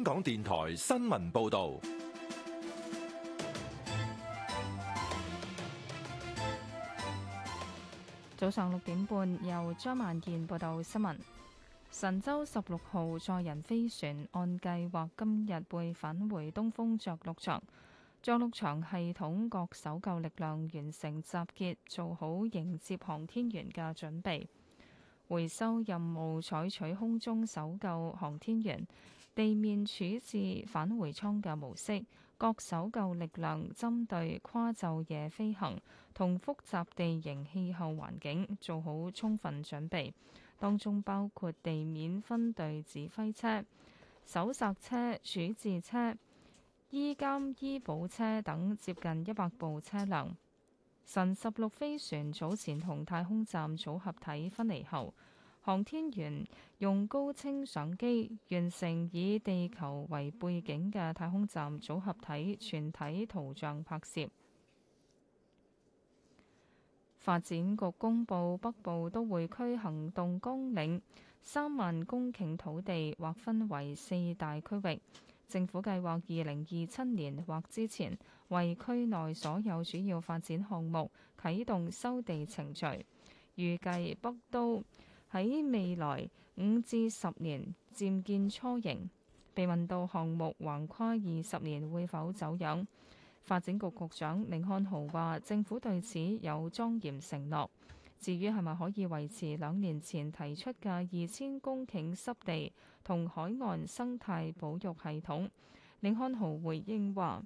香港電台新聞報道，早上六點半，由張曼燕報道新聞。神舟十六號載人飛船按計劃今日會返回東風着陸場，着陸場系統各搜救力量完成集結，做好迎接航天員嘅準備。回收任務採取空中搜救航天員。地面處置返回艙嘅模式，各搜救力量針對跨晝夜飛行同複雜地形氣候環境做好充分準備，當中包括地面分隊指揮車、搜索車、處置車、醫監醫保車等接近一百部車輛。神十六飛船早前同太空站組合體分離後，航天員用高清相機完成以地球為背景嘅太空站組合體全體圖像拍攝。發展局公布北部都會區行動綱領，三萬公頃土地劃分為四大區域。政府計劃二零二七年或之前為區內所有主要發展項目啟動收地程序，預計北都。喺未來五至十年漸見雛形，被問到項目橫跨二十年會否走樣，發展局局長寧漢豪話：政府對此有莊嚴承諾。至於係咪可以維持兩年前提出嘅二千公頃濕地同海岸生態保育系統，寧漢豪回應話：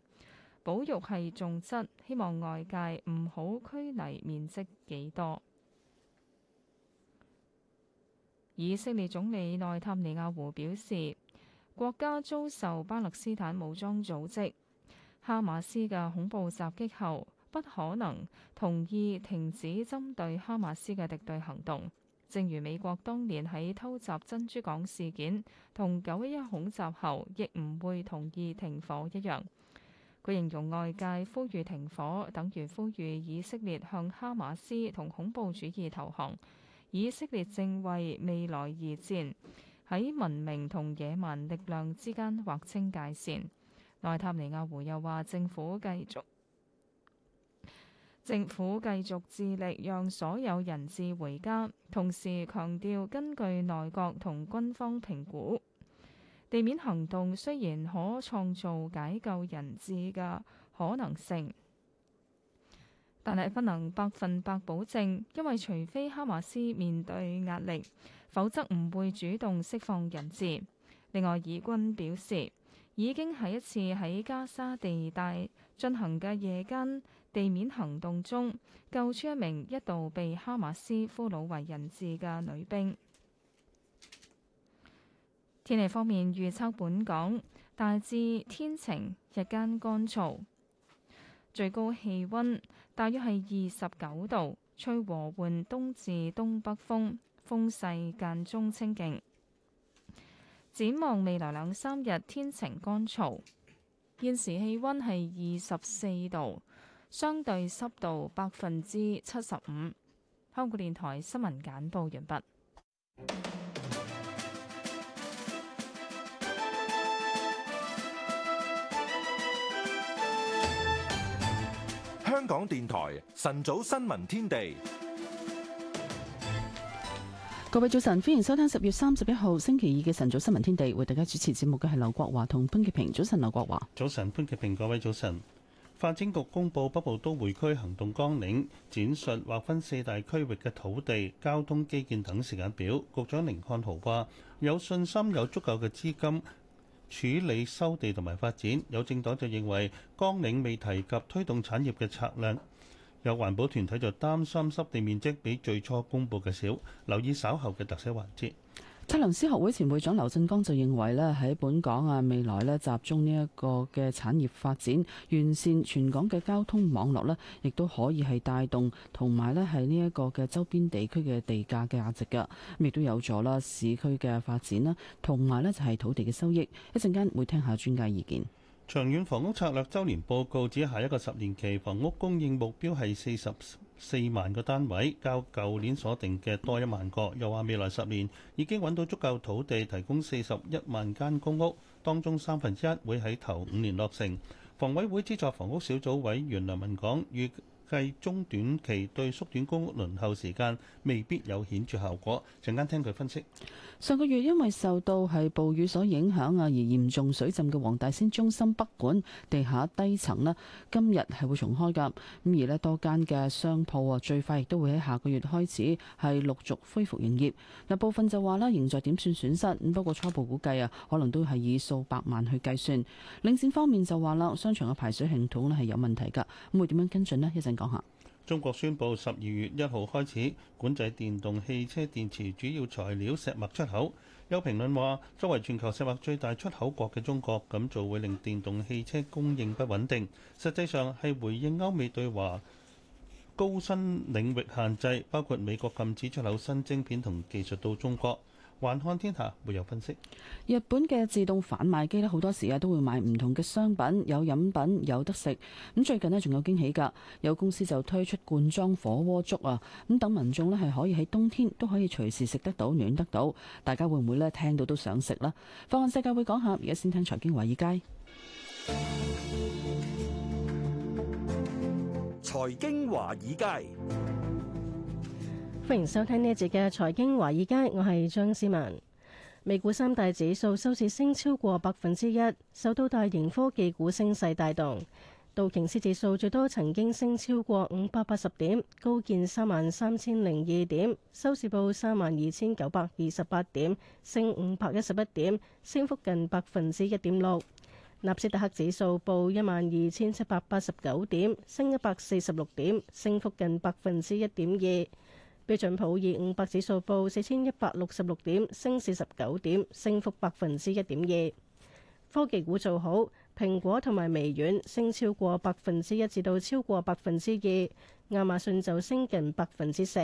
保育係重質，希望外界唔好拘泥面積幾多。以色列總理內塔尼亞胡表示，國家遭受巴勒斯坦武裝組織哈馬斯嘅恐怖襲擊後，不可能同意停止針對哈馬斯嘅敵對行動。正如美國當年喺偷襲珍珠港事件同九一一恐襲後，亦唔會同意停火一樣。佢形容外界呼籲停火等於呼籲以色列向哈馬斯同恐怖主義投降。以色列正為未來而戰，喺文明同野蠻力量之間劃清界線。內塔尼亞胡又話，政府繼續政府繼續致力讓所有人質回家，同時強調根據內閣同軍方評估，地面行動雖然可創造解救人質嘅可能性。但係不能百分百保證，因為除非哈馬斯面對壓力，否則唔會主動釋放人質。另外，以軍表示已經喺一次喺加沙地帶進行嘅夜間地面行動中救出一名一度被哈馬斯俘虜為人質嘅女兵。天氣方面預測，本港大致天晴，日間乾燥，最高氣温，大約係二十九度，吹和緩東至東北風，風勢間中清勁。展望未來兩三日，天晴乾燥。現時氣溫係二十四度，相對濕度百分之七十五。香港電台新聞簡報完畢。香港電台晨早新聞天地，各位早晨，歡迎收聽十月三十一號星期二嘅晨早新聞天地，為大家主持節目嘅係劉國華同潘潔平。早晨，劉國華，早晨，潘潔平，各位早晨。發展局公布北部都會區行動綱領，展述劃分四大區域嘅土地、交通基建等時間表。局長寧漢豪話：有信心，有足夠嘅資金。處理收地同埋發展，有政黨就認為綱領未提及推動產業嘅策略，有環保團體就擔心濕地面積比最初公佈嘅少，留意稍後嘅特色環節。測量師學會前會長劉振剛就認為咧，喺本港啊，未來咧集中呢一個嘅產業發展，完善全港嘅交通網絡咧，亦都可以係帶動同埋呢係呢一個嘅周邊地區嘅地價嘅價值噶，亦都有助啦市區嘅發展啦，同埋呢就係土地嘅收益。一陣間會聽下專家意見。長遠房屋策略周年報告指下一個十年期房屋供應目標係四十。四萬個單位，較舊年所定嘅多一萬個。又話未來十年已經揾到足夠土地，提供四十一萬間公屋，當中三分之一會喺頭五年落成。房委會資助房屋小組委員梁文港：預計中短期對縮短公屋輪候時間未必有顯著效果。陣間聽佢分析。上個月因為受到係暴雨所影響啊，而嚴重水浸嘅黃大仙中心北館地下低層咧，今日係會重開㗎。咁而咧多間嘅商鋪啊，最快亦都會喺下個月開始係陸續恢復營業。嗱部分就話咧仍在點算損失，不過初步估計啊，可能都係以數百萬去計算。領展方面就話啦，商場嘅排水系統咧係有問題㗎，咁會點樣跟進呢？一陣。講中國宣布十二月一號開始管制電動汽車電池主要材料石墨出口。有評論話，作為全球石墨最大出口國嘅中國，咁做會令電動汽車供應不穩定。實際上係回應歐美對華高新領域限制，包括美國禁止出口新晶片同技術到中國。環看天下沒有分析。日本嘅自動販賣機咧，好多時啊都會買唔同嘅商品，有飲品，有得食。咁最近咧，仲有驚喜噶，有公司就推出罐裝火鍋粥啊，咁等民眾咧，係可以喺冬天都可以隨時食得到暖得到。大家會唔會咧聽到都想食呢？放眼世界》會講下，而家先聽財經華爾街。財經華爾街。歡迎收聽呢一節嘅財經華爾街，我係張思文。美股三大指數收市升超過百分之一，受到大型科技股升勢帶動。道瓊斯指數最多曾經升超過五百八十點，高見三萬三千零二點，收市報三萬二千九百二十八點，升五百一十一點，升幅近百分之一點六。納斯達克指數報一萬二千七百八十九點，升一百四十六點，升幅近百分之一點二。標準普爾五百指數報四千一百六十六點，升四十九點，升幅百分之一點二。科技股做好，蘋果同埋微軟升超過百分之一至到超過百分之二，亞馬遜就升近百分之四。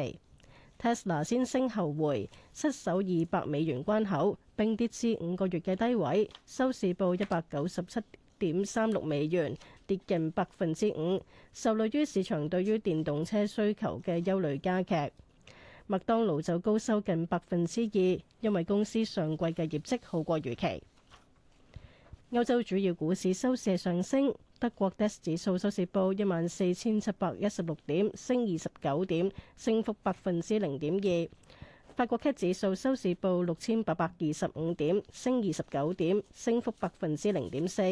Tesla 先升後回，失守二百美元關口，並跌至五個月嘅低位，收市報一百九十七點三六美元，跌近百分之五，受累於市場對於電動車需求嘅憂慮加劇。麥當勞就高收近百分之二，因為公司上季嘅業績好過預期。歐洲主要股市收市上升，德國 DAX 指數收市報一萬四千七百一十六點，升二十九點，升幅百分之零點二。法國 CAC 指數收市報六千八百二十五點，升二十九點，升幅百分之零點四。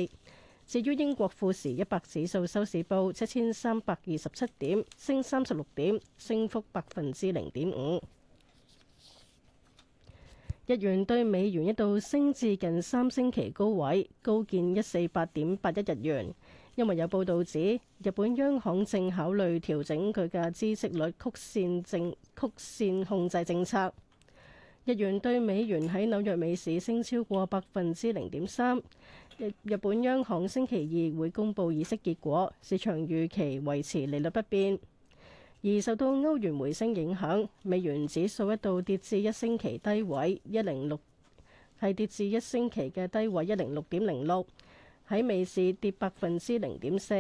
至於英國富時一百指數收市報七千三百二十七點，升三十六點，升幅百分之零點五。日元對美元一度升至近三星期高位，高見一四八點八一日元，因為有報導指日本央行正考慮調整佢嘅孳息率曲線正曲線控制政策。日元對美元喺紐約美市升超過百分之零點三。日本央行星期二會公布議息結果，市場預期維持利率不變。而受到歐元回升影響，美元指數一度跌至一星期低位一零六，係跌至一星期嘅低位一零六點零六。喺美市跌百分之零點四，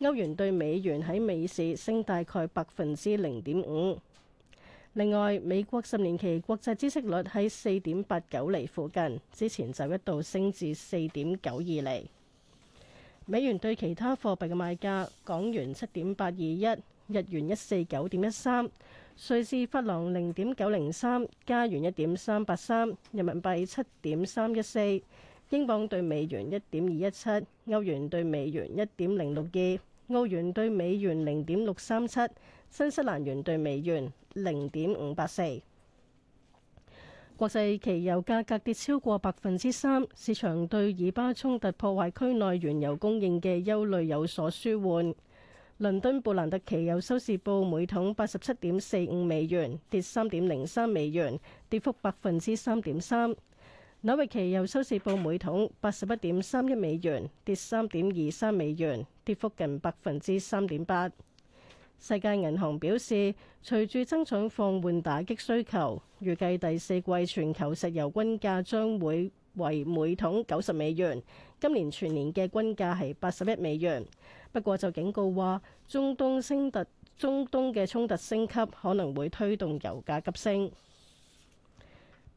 歐元對美元喺美市升大概百分之零點五。另外，美國十年期國債孳息率喺四點八九厘附近，之前就一度升至四點九二厘。美元對其他貨幣嘅賣價：港元七點八二一，日元一四九點一三，瑞士法郎零點九零三，加元一點三八三，人民幣七點三一四，英鎊對美元一點二一七，歐元對美元一點零六二，澳元對美元零點六三七，新西蘭元對美元，零點五八四，國際期油價格跌超過百分之三，市場對以巴衝突破壞區內原油供應嘅憂慮有所舒緩。倫敦布蘭特期油收市報每桶八十七點四五美元，跌三點零三美元，跌幅百分之三點三。紐約期油收市報每桶八十一點三一美元，跌三點二三美元，跌幅近百分之三點八。世界銀行表示，隨住增長放緩打擊需求，預計第四季全球石油均價將會為每桶九十美元。今年全年嘅均價係八十一美元。不過就警告話，中東升突，中東嘅衝突升級可能會推動油價急升。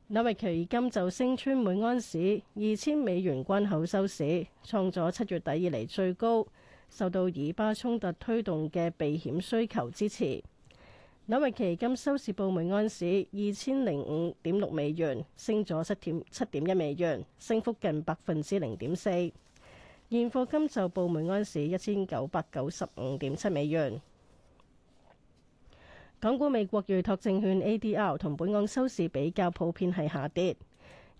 紐約期金就升穿每安士二千美元關口收市，創咗七月底以嚟最高。受到以巴衝突推動嘅避險需求支持，紐約期金收市報每安士二千零五點六美元，升咗七點七點一美元，升幅近百分之零點四。現貨金就報每安士一千九百九十五點七美元。港股美國預託證券 ADR 同本港收市比較普遍係下跌。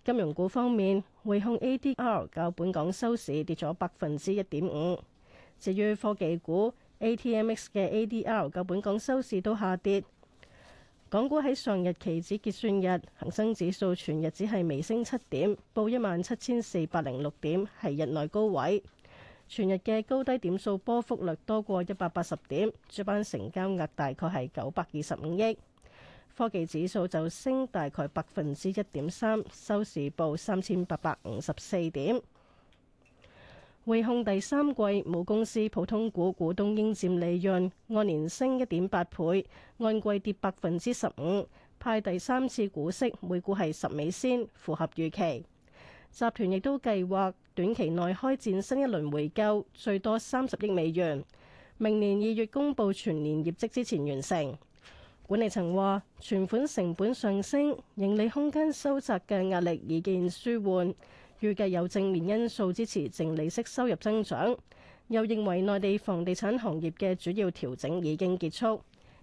金融股方面，匯控 ADR 較本港收市跌咗百分之一點五。至於科技股 ATMX 嘅 ADR 較本港收市都下跌，港股喺上日期指結算日，恒生指數全日只係微升七點，報一萬七千四百零六點，係日內高位。全日嘅高低點數波幅略多過一百八十點，主板成交額大概係九百二十五億。科技指數就升大概百分之一點三，收市報三千八百五十四點。匯控第三季母公司普通股股東應佔利潤，按年升一點八倍，按季跌百分之十五。派第三次股息，每股係十美仙，符合預期。集團亦都計劃短期內開展新一輪回購，最多三十億美元，明年二月公布全年業績之前完成。管理層話存款成本上升，盈利空間收窄嘅壓力已見舒緩。預計有正面因素支持淨利息收入增長，又認為內地房地產行業嘅主要調整已經結束。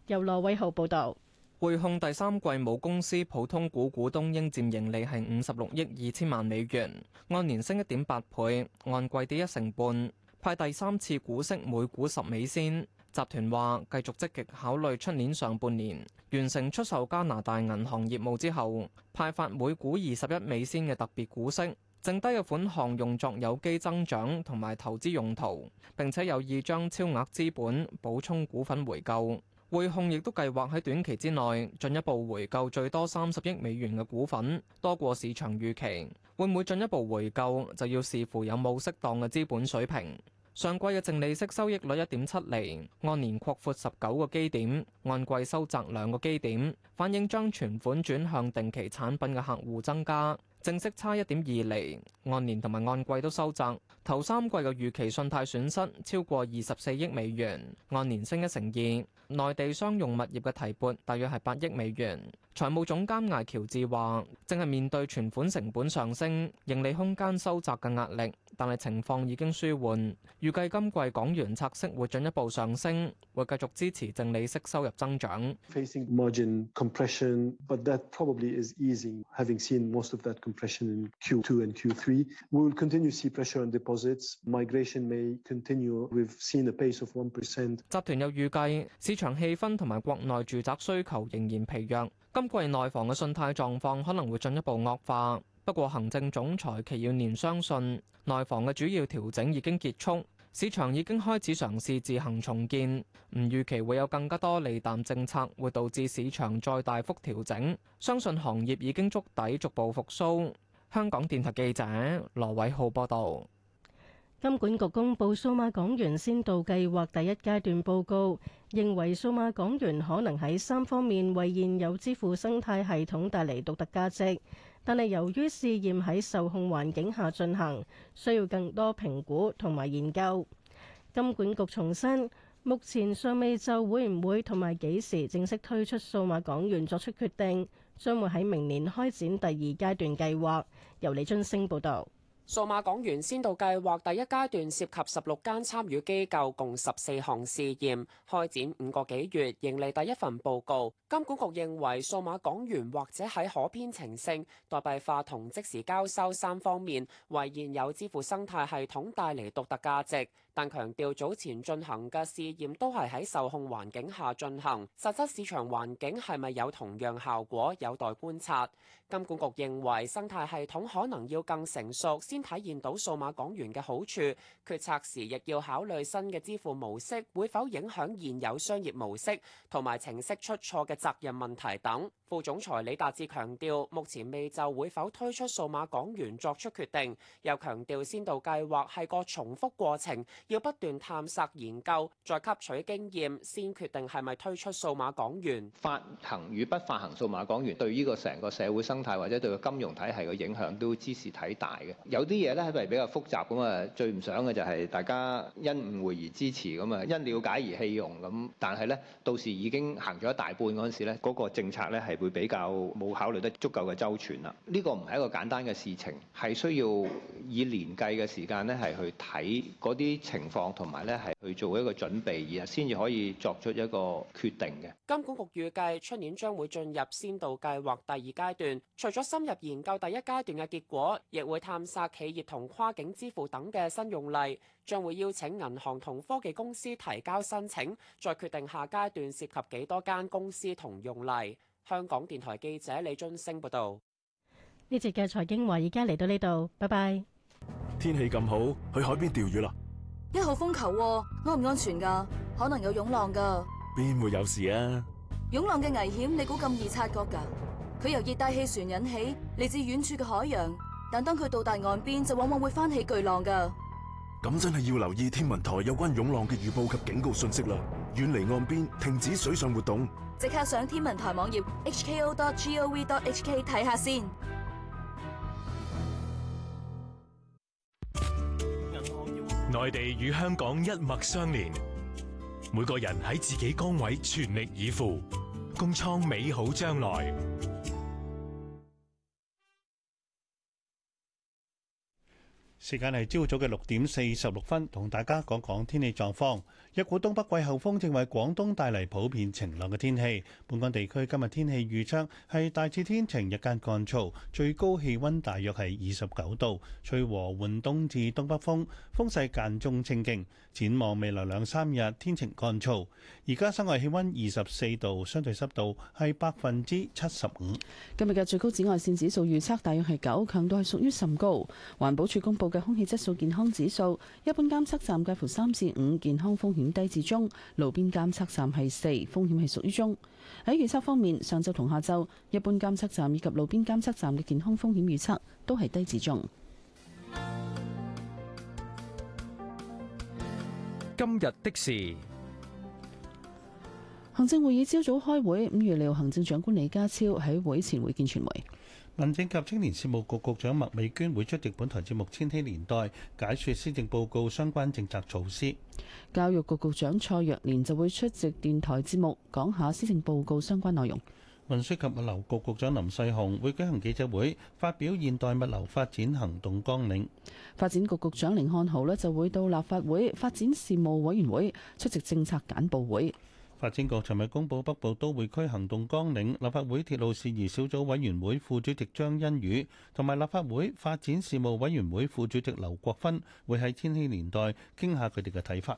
由羅偉浩報道，匯控第三季母公司普通股股東應占盈利係五十六億二千萬美元，按年升一點八倍，按季跌一成半，派第三次股息每股十美仙。集團話繼續積極考慮出年上半年完成出售加拿大銀行業務之後派發每股二十一美仙嘅特別股息。剩低嘅款項用作有機增長同埋投資用途，並且有意將超額資本補充股份回購。匯控亦都計劃喺短期之內進一步回購最多三十億美元嘅股份，多過市場預期。會唔會進一步回購就要視乎有冇適當嘅資本水平。上季嘅淨利息收益率一點七厘，按年擴闊十九個基點，按季收窄兩個基點，反映將存款轉向定期產品嘅客戶增加。淨息差一點二厘，按年同埋按季都收窄。頭三季嘅預期信貸損失超過二十四億美元，按年升一成二。內地商用物業嘅提撥大約係八億美元。財務總監艾喬治話：正係面對存款成本上升、盈利空間收窄嘅壓力，但係情況已經舒緩。預計今季港元拆息會進一步上升，會繼續支持淨利息收入增長。Facing margin compression, but that probably is easing, having seen most of that compression in Q2 and Q3, will continue to see pressure on deposits, migration may continue. We've seen a pace of 1%。集團又預計市市場氣氛同埋國內住宅需求仍然疲弱，今季內房嘅信貸狀況可能會進一步惡化。不過行政總裁祁耀年相信，內房嘅主要調整已經結束，市場已經開始嘗試自行重建。唔預期會有更加多利淡政策會導致市場再大幅調整，相信行業已經觸底，逐步復甦。香港電台記者羅偉浩報道。金管局公布數碼港元先導計劃第一階段報告，認為數碼港元可能喺三方面為現有支付生態系統帶嚟獨特價值，但係由於試驗喺受控環境下進行，需要更多評估同埋研究。金管局重申，目前尚未就會唔會同埋幾時正式推出數碼港元作出決定，將會喺明年開展第二階段計劃。由李津升報道。數碼港元先導計劃第一階段涉及十六間參與機構，共十四項試驗，開展五個幾月，迎嚟第一份報告。金管局認為數碼港元或者喺可編程性、代幣化同即時交收三方面，為現有支付生態系統帶嚟獨特價值。但強調早前進行嘅試驗都係喺受控環境下進行，實質市場環境係咪有同樣效果有待觀察。金管局認為生態系統可能要更成熟先體現到數碼港元嘅好處。決策時亦要考慮新嘅支付模式會否影響現有商業模式，同埋程式出錯嘅責任問題等，副總裁李達志強調，目前未就會否推出數碼港元作出決定。又強調先導計劃係個重複過程，要不斷探索研究，再吸取經驗，先決定係咪推出數碼港元。發行與不發行數碼港元，對呢個成個社會生態或者對個金融體系嘅影響都支持睇大嘅。有啲嘢咧係咪比較複雜咁啊，最唔想嘅就係大家因誤會而支持咁啊，因了解而棄用咁。但係咧，到時已經行咗一大半嗰。嗰個政策咧係會比較冇考慮得足夠嘅周全啦。呢個唔係一個簡單嘅事情，係需要以年計嘅時間咧係去睇嗰啲情況，同埋咧係去做一個準備，然後先至可以作出一個決定嘅。金管局預計出年將會進入先導計劃第二階段，除咗深入研究第一階段嘅結果，亦會探索企業同跨境支付等嘅新用例。將會邀請銀行同科技公司提交申請，再決定下階段涉及幾多間公司同用例。香港電台記者李俊升報道。呢節嘅財經話，而家嚟到呢度，拜拜。天氣咁好，去海邊釣魚啦！一號風球，啊，安唔安全噶，啊？可能有湧浪噶。邊會有事啊？湧浪嘅危險，你估咁易察覺噶？佢由熱帶氣旋引起，嚟自遠處嘅海洋，但當佢到達岸邊，就往往會翻起巨浪噶。咁真係要留意天文台有關湧浪嘅預報及警告信息啦！遠離岸邊，停止水上活動，即刻上天文台網頁 hko.gov.hk 睇下先。內地與香港一脈相連，每個人喺自己崗位全力以赴，共創美好將來。時間係朝早嘅六點四十六分，同大家講講天氣狀況。一股東北季候風正為廣東帶嚟普遍晴朗嘅天氣。本港地區今日天氣預測係大致天晴，日間乾燥，最高氣温大約係二十九度，吹和緩東至東北風，風勢間中清勁。展望未來兩三日天晴乾燥。而家室外氣温二十四度，相對濕度係百分之七十五。今日嘅最高紫外線指數預測大約係九，強度係屬於甚高。環保署公佈嘅空氣質素健康指數，一般監測站介乎三至五，健康風險。風險低至中，路邊監測站係四，風險係屬於中。喺預測方面，上晝同下晝一般監測站以及路邊監測站嘅健康風險預測都係低至中。今日的事，行政會議朝早開會，唔預料行政長官李家超喺會前會見傳媒。民政及青年事務局局長麥美娟會出席本台節目千禧年代，解說施政報告，相關政策措施。發展局尋日公佈北部都會區行動綱領，立法會鐵路事宜小組委員會副主席張欣宇同埋立法會發展事務委員會副主席劉國勳會喺千禧年代傾下佢哋嘅睇法。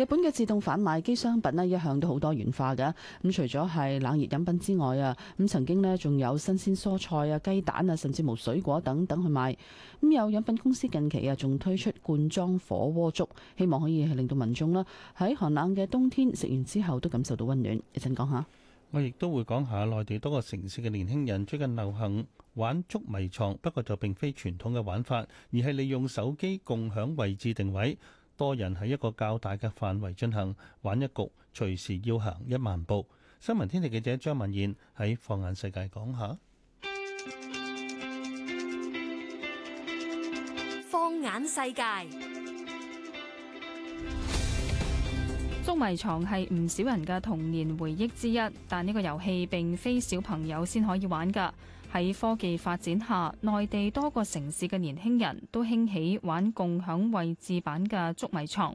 日本嘅自動販賣機商品咧一向都好多元化嘅，咁除咗係冷熱飲品之外啊，咁曾經咧仲有新鮮蔬菜啊、雞蛋啊，甚至無水果等等去賣。咁有飲品公司近期啊仲推出罐裝火鍋粥，希望可以係令到民眾啦喺寒冷嘅冬天食完之後都感受到溫暖。一陣講下，我亦都會講下內地多個城市嘅年輕人最近流行玩捉迷藏，不過就並非傳統嘅玩法，而係利用手機共享位置定位。多人喺一個較大嘅範圍進行，玩一局，隨時要行一萬步。新聞天地記者張文燕喺放眼世界講下。放眼世界，捉 迷藏係唔少人嘅童年回憶之一，但呢個遊戲並非小朋友先可以玩㗎。喺科技發展下，內地多個城市嘅年輕人都興起玩共享位置版嘅捉迷藏。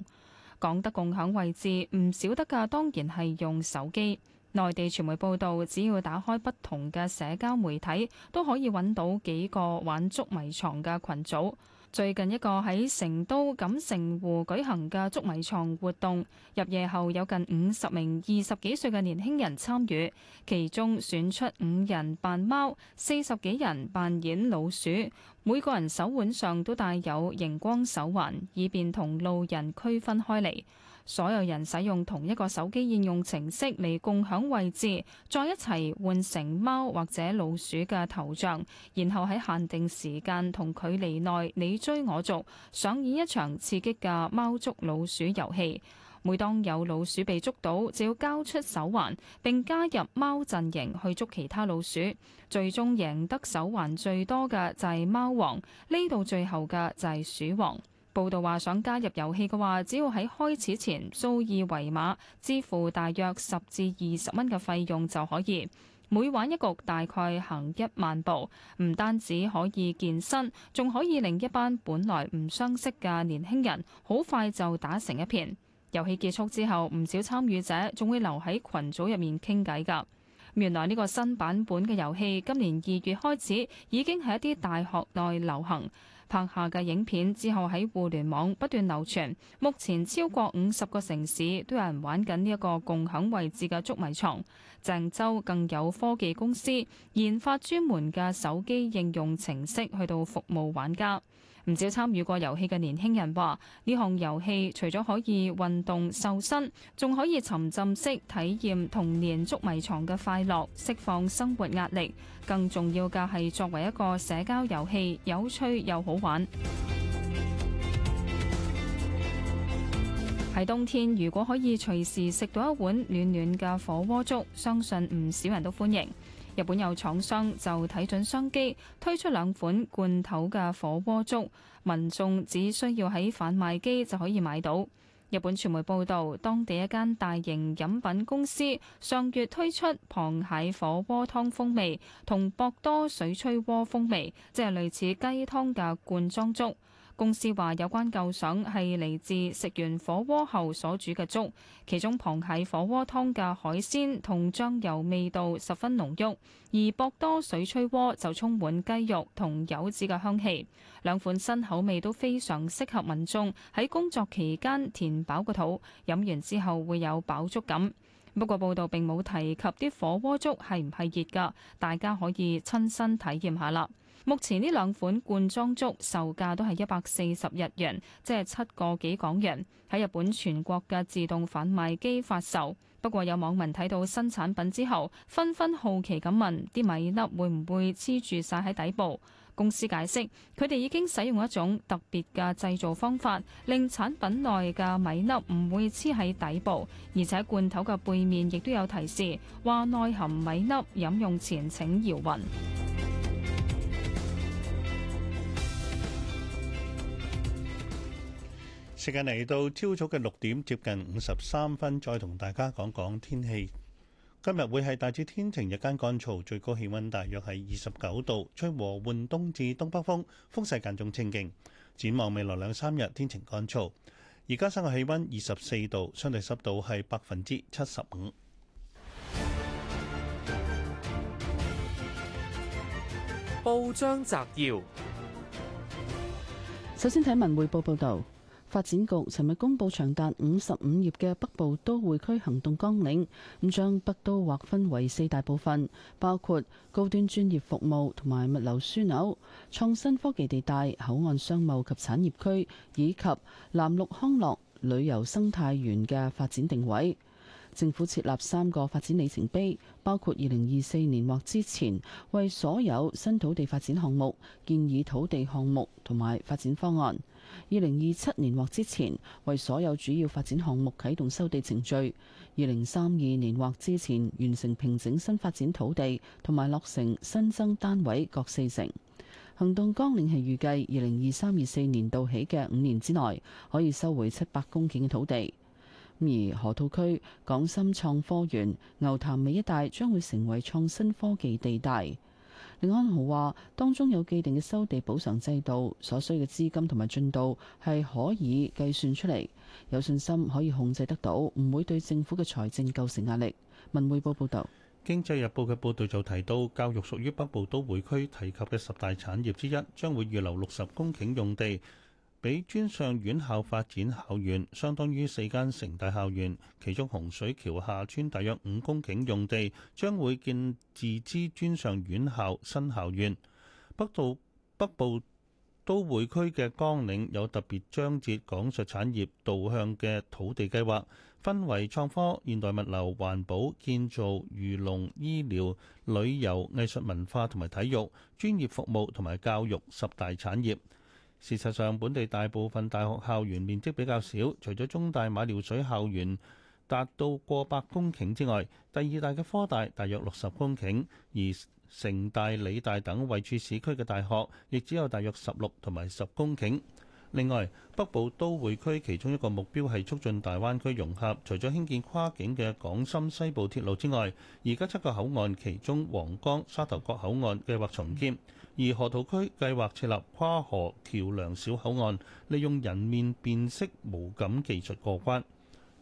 講得共享位置，唔少得㗎，當然係用手機。內地傳媒報道，只要打開不同嘅社交媒體，都可以揾到幾個玩捉迷藏嘅群組。最近一個喺成都錦城湖舉行嘅捉迷藏活動，入夜後有近五十名二十幾歲嘅年輕人參與，其中選出五人扮貓，四十幾人扮演老鼠，每個人手腕上都帶有熒光手環，以便同路人區分開嚟。所有人使用同一個手機應用程式嚟共享位置，再一齊換成貓或者老鼠嘅頭像，然後喺限定時間同距離內你追我逐，上演一場刺激嘅貓捉老鼠遊戲，每當有老鼠被捉到，就要交出手環並加入貓陣營去捉其他老鼠。最終贏得手環最多嘅就係貓王，呢到最後嘅就係鼠王。報道話：想加入遊戲嘅話，只要喺開始前掃二維碼，支付大約十至二十蚊嘅費用就可以。每玩一局大概行一萬步，唔單止可以健身，仲可以令一班本來唔相識嘅年輕人好快就打成一片。遊戲結束之後，唔少參與者仲會留喺群組入面傾偈㗎。原來呢個新版本嘅遊戲今年二月開始已經喺一啲大學內流行。拍下嘅影片之後喺互聯網不斷流傳，目前超過五十個城市都有人玩緊呢一個共享位置嘅捉迷藏。鄭州更有科技公司研發專門嘅手機應用程式，去到服務玩家。唔少參與過遊戲嘅年輕人話：呢項遊戲除咗可以運動瘦身，仲可以沉浸式體驗童年捉迷藏嘅快樂，釋放生活壓力。更重要嘅係作為一個社交遊戲，有趣又好玩。喺冬天，如果可以隨時食到一碗暖暖嘅火鍋粥，相信唔少人都歡迎。日本有廠商就睇準商機，推出兩款罐頭嘅火鍋粥，民眾只需要喺販賣機就可以買到。日本傳媒報導，當地一間大型飲品公司上月推出螃蟹火鍋湯風味同博多水炊鍋風味，即係類似雞湯嘅罐裝粥。公司話：有關構想係嚟自食完火鍋後所煮嘅粥，其中螃蟹火鍋湯嘅海鮮同醬油味道十分濃郁，而博多水炊鍋就充滿雞肉同柚子嘅香氣。兩款新口味都非常適合民眾喺工作期間填飽個肚，飲完之後會有飽足感。不過報道並冇提及啲火鍋粥係唔係熱㗎，大家可以親身體驗下啦。目前呢兩款罐裝粥售價都係一百四十日元，即係七個幾港元，喺日本全國嘅自動販賣機發售。不過有網民睇到新產品之後，紛紛好奇咁問：啲米粒會唔會黐住晒喺底部？公司解釋，佢哋已經使用一種特別嘅製造方法，令產品內嘅米粒唔會黐喺底部，而且罐頭嘅背面亦都有提示，話內含米粒，飲用前請搖勻。時間嚟到朝早嘅六點，接近五十三分，再同大家講講天氣。今日會係大致天晴，日間乾燥，最高氣溫大約係二十九度，吹和緩東至東北風，風勢間中清勁。展望未來兩三日，天晴乾燥。而家三個氣溫二十四度，相對濕度係百分之七十五。報章摘要，首先睇文匯報報道。發展局尋日公布長達五十五頁嘅北部都會區行動綱領，咁將北都劃分為四大部分，包括高端專業服務同埋物流樞紐、創新科技地帶、口岸商貿及產業區，以及藍綠康樂旅遊生態園嘅發展定位。政府設立三個發展里程碑，包括二零二四年或之前為所有新土地發展項目建議土地項目同埋發展方案。二零二七年或之前，為所有主要發展項目啟動收地程序；二零三二年或之前，完成平整新發展土地，同埋落成新增單位各四成。行動綱領係預計二零二三、二四年度起嘅五年之內，可以收回七百公頃嘅土地。而河套區、港深創科園、牛潭尾一帶將會成為創新科技地帶。李安豪話：當中有既定嘅收地補償制度，所需嘅資金同埋進度係可以計算出嚟，有信心可以控制得到，唔會對政府嘅財政構成壓力。文匯報報道，《經濟日報》嘅報導就提到，教育屬於北部都會區提及嘅十大產業之一，將會預留六十公頃用地。俾專上院校發展校園，相當於四間城大校園。其中洪水橋下村大約五公頃用地，將會建自資專上院校新校園。北道北部都會區嘅江嶺有特別章節講述產業導向嘅土地計劃，分為創科、現代物流、環保、建造、漁農、醫療、旅遊、藝術文化同埋體育、專業服務同埋教育十大產業。事實上，本地大部分大學校園面積比較少，除咗中大馬料水校園達到過百公頃之外，第二大嘅科大大約六十公頃，而城大、理大等位處市區嘅大學，亦只有大約十六同埋十公頃。另外，北部都會區其中一個目標係促進大灣區融合，除咗興建跨境嘅港深西部鐵路之外，而家七個口岸其中皇崗、沙頭角口岸計劃重建，而河套區計劃設立跨河橋梁小口岸，利用人面辨識無感技術過關。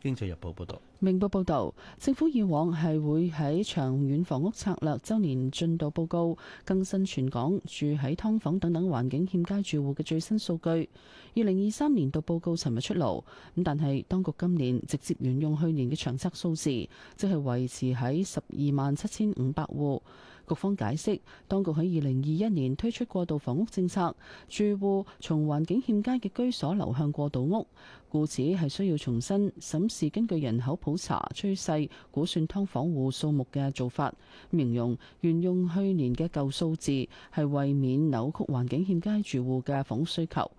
經濟日報報導。明報報導，政府以往係會喺長遠房屋策略週年進度報告更新全港住喺劏房等等環境欠佳住戶嘅最新數據。二零二三年度報告尋日出爐，咁但係當局今年直接沿用去年嘅長策數字，即係維持喺十二萬七千五百戶。局方解釋，當局喺二零二一年推出過渡房屋政策，住戶從環境欠佳嘅居所流向過渡屋，故此係需要重新審視根據人口普查趨勢估算劏房戶數目嘅做法。形容沿用去年嘅舊數字係為免扭曲環境欠佳住戶嘅房屋需求。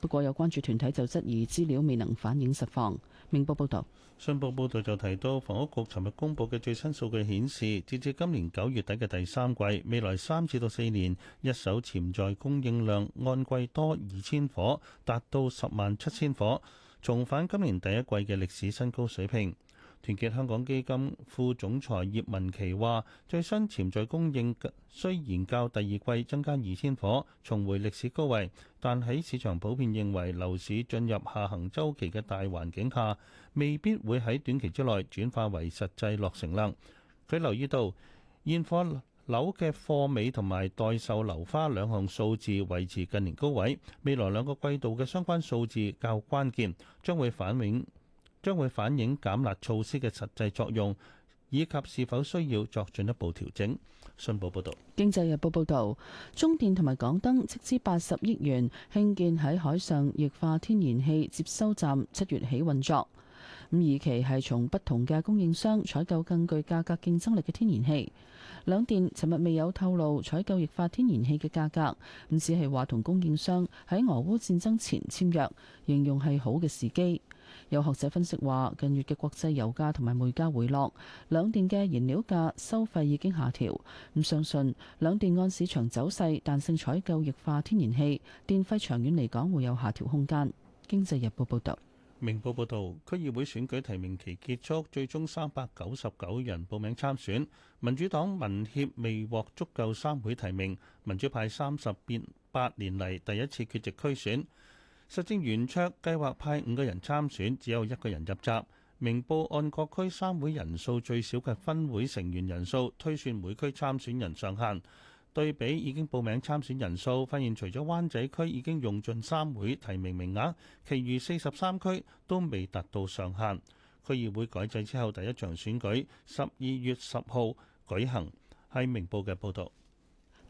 不過有關注團體就質疑資料未能反映實況。明報報道。信報報導就提到，房屋局尋日公佈嘅最新數據顯示，截至今年九月底嘅第三季，未來三至到四年一手潛在供應量按季多二千伙，達到十萬七千伙，重返今年第一季嘅歷史新高水平。團結香港基金副總裁葉文琪話，最新潛在供應雖然較第二季增加二千伙，重回歷史高位，但喺市場普遍認為樓市進入下行周期嘅大環境下，未必會喺短期之內轉化為實際落成量。佢留意到現貨樓嘅貨尾同埋待售樓花兩項數字維持近年高位，未來兩個季度嘅相關數字較關鍵，將會反映將會反映減辣措施嘅實際作用，以及是否需要作進一步調整。信報報導，《經濟日報》報導，中電同埋港燈斥資八十億元興建喺海上液化天然氣接收站，七月起運作。咁二期係從不同嘅供應商採購更具價格競爭力嘅天然氣。兩電尋日未有透露採購液化天然氣嘅價格，咁只係話同供應商喺俄烏戰爭前簽約，形容係好嘅時機。有學者分析話，近月嘅國際油價同埋煤價回落，兩電嘅燃料價收費已經下調，咁相信兩電按市場走勢，彈性採購液化天然氣電費，長遠嚟講會有下調空間。經濟日報報道。明報報導，區議會選舉提名期結束，最終三百九十九人報名參選。民主黨、民協未獲足夠三會提名，民主派三十變八年嚟第一次缺席區選。實政圓桌計劃派五個人參選，只有一個人入閘。明報按各區三會人數最少嘅分會成員人數推算每區參選人上限。對比已經報名參選人數，發現除咗灣仔區已經用盡三會提名名額，其餘四十三區都未達到上限。區議會改制之後第一場選舉，十二月十號舉行，係明報嘅報導。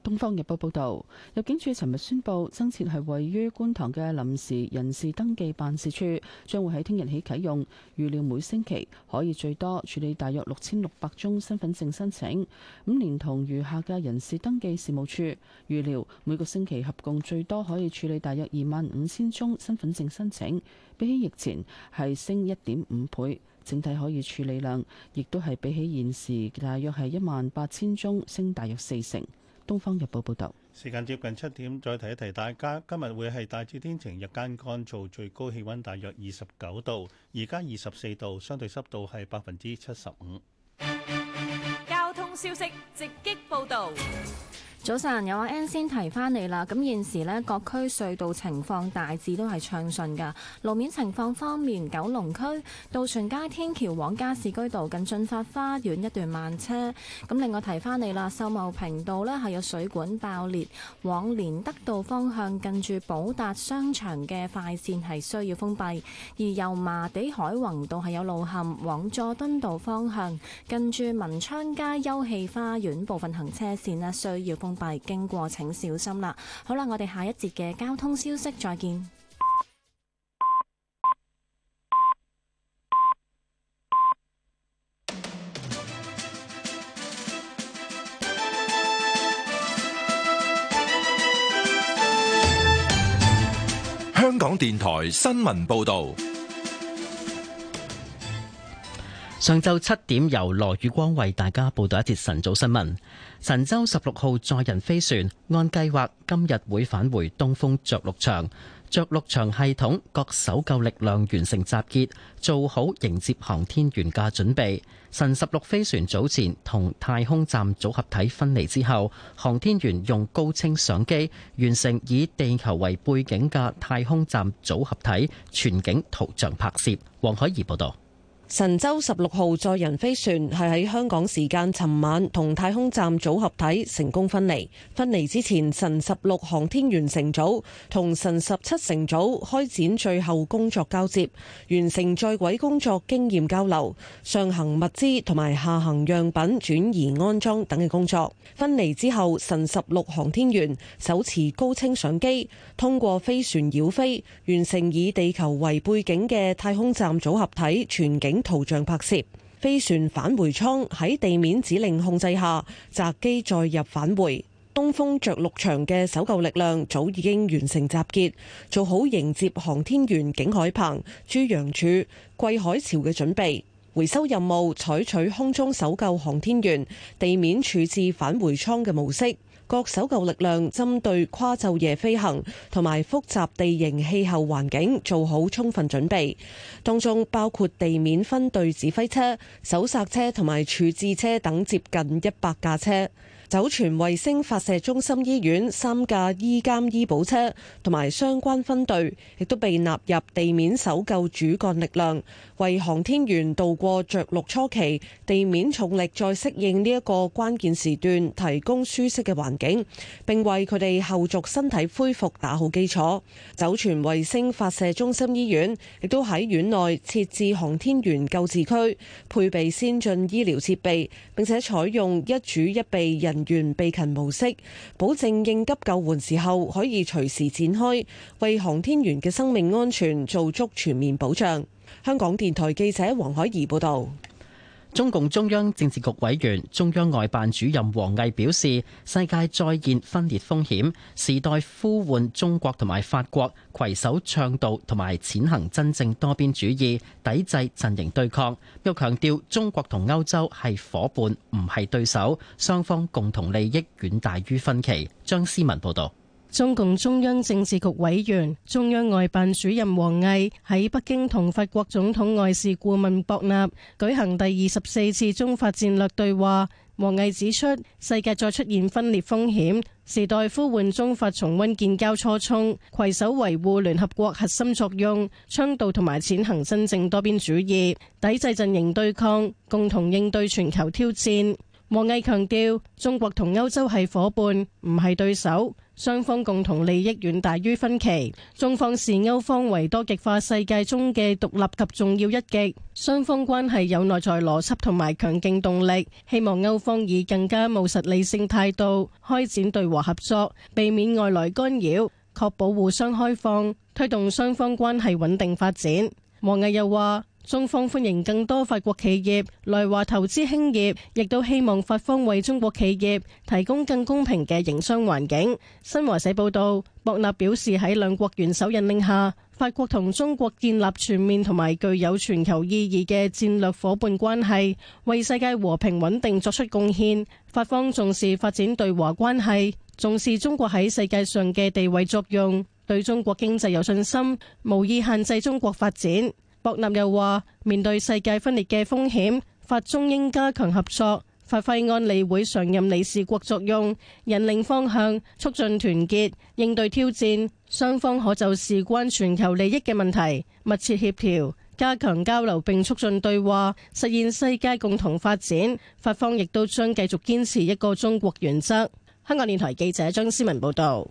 《東方日報》報道，入境處尋日宣布增設係位於觀塘嘅臨時人事登記辦事處，將會喺聽日起啟用。預料每星期可以最多處理大約六千六百宗身份證申請。連同餘下嘅人事登記事務處，預料每個星期合共最多可以處理大約二萬五千宗身份證申請，比起疫前係升一點五倍。整體可以處理量亦都係比起現時大約係一萬八千宗，升大約四成。《東方日報》報導，時間接近七點，再提一提大家，今日會係大致天晴，日間乾燥，最高氣温大約二十九度，而家二十四度，相對濕度係百分之七十五。交通消息直擊報導。早晨，有阿 N 先提翻你啦。咁現時呢，各區隧道情況大致都係暢順噶。路面情況方面，九龍區渡船街天橋往加士居道近駿發花園一段慢車。咁另外提翻你啦，秀茂坪道呢係有水管爆裂，往連德道方向近住寶達商場嘅快線係需要封閉。而油麻地海泓道係有路陷，往佐敦道方向近住文昌街休憩花園部分行車線呢，需要封封閉，經過請小心啦。好啦，我哋下一節嘅交通消息再見。香港電台新聞報道。上晝七點，由羅宇光為大家報道一節晨早新聞。神舟十六號載人飛船按計劃今日會返回東風着陸場，着陸場系統各搜救力量完成集結，做好迎接航天員嘅準備。神十六飛船早前同太空站組合體分離之後，航天員用高清相機完成以地球為背景嘅太空站組合體全景圖像拍攝。黃海怡報道。神舟十六號載人飛船係喺香港時間尋晚同太空站組合體成功分離。分離之前，神十六航天員乘組同神十七乘組開展最後工作交接，完成在軌工作經驗交流、上行物資同埋下行樣品轉移安裝等嘅工作。分離之後，神十六航天員手持高清相機，通過飛船繞飛，完成以地球為背景嘅太空站組合體全景。圖像拍攝，飛船返回艙喺地面指令控制下擇機再入返回。東風着陸場嘅搜救力量早已經完成集結，做好迎接航天員景海鵬、朱楊柱、桂海潮嘅準備。回收任務採取空中搜救航天員、地面處置返回艙嘅模式。各搜救力量針對跨晝夜飛行同埋複雜地形氣候環境做好充分準備，當中包括地面分隊指揮車、手剎車同埋處置車等接近一百架車。酒泉衛星發射中心醫院三架醫監醫保車同埋相關分隊亦都被納入地面搜救主幹力量，為航天員渡過着陸初期地面重力再適應呢一個關鍵時段提供舒適嘅環境，並為佢哋後續身體恢復打好基礎。酒泉衛星發射中心醫院亦都喺院內設置航天員救治區，配備先進醫療設備，並且採用一主一備人員備勤模式，保證應急救援時候可以隨時展開，為航天員嘅生命安全做足全面保障。香港電台記者黃海怡報道。中共中央政治局委員、中央外辦主任王毅表示：世界再現分裂風險，時代呼喚中國同埋法國攜手倡導同埋踐行真正多邊主義，抵制陣營對抗。又強調中國同歐洲係伙伴，唔係對手，雙方共同利益遠大於分歧。張思文報導。中共中央政治局委員、中央外辦主任王毅喺北京同法國總統外事顧問博納舉行第二十四次中法戰略對話。王毅指出，世界再出現分裂風險，時代呼喚中法重溫建交初衷，攜手維護聯合國核心作用，倡導同埋踐行真正多邊主義，抵制陣營對抗，共同應對全球挑戰。王毅強調，中國同歐洲係伙伴，唔係對手。雙方共同利益遠大於分歧，中方視歐方為多極化世界中嘅獨立及重要一極，雙方關係有內在邏輯同埋強勁動力。希望歐方以更加務實理性態度開展對華合作，避免外來干擾，確保互相開放，推動雙方關係穩定發展。王毅又話。中方歡迎更多法國企業來華投資興業，亦都希望法方為中國企業提供更公平嘅營商環境。新華社報道，博納表示喺兩國元首引領下，法國同中國建立全面同埋具有全球意義嘅戰略伙伴關係，為世界和平穩定作出貢獻。法方重視發展對華關係，重視中國喺世界上嘅地位作用，對中國經濟有信心，無意限制中國發展。博納又話：面對世界分裂嘅風險，法中應加強合作，發揮安理會常任理事國作用，引領方向，促進團結，應對挑戰。雙方可就事關全球利益嘅問題密切協調，加強交流，並促進對話，實現世界共同發展。法方亦都將繼續堅持一個中國原則。香港電台記者張思文報道。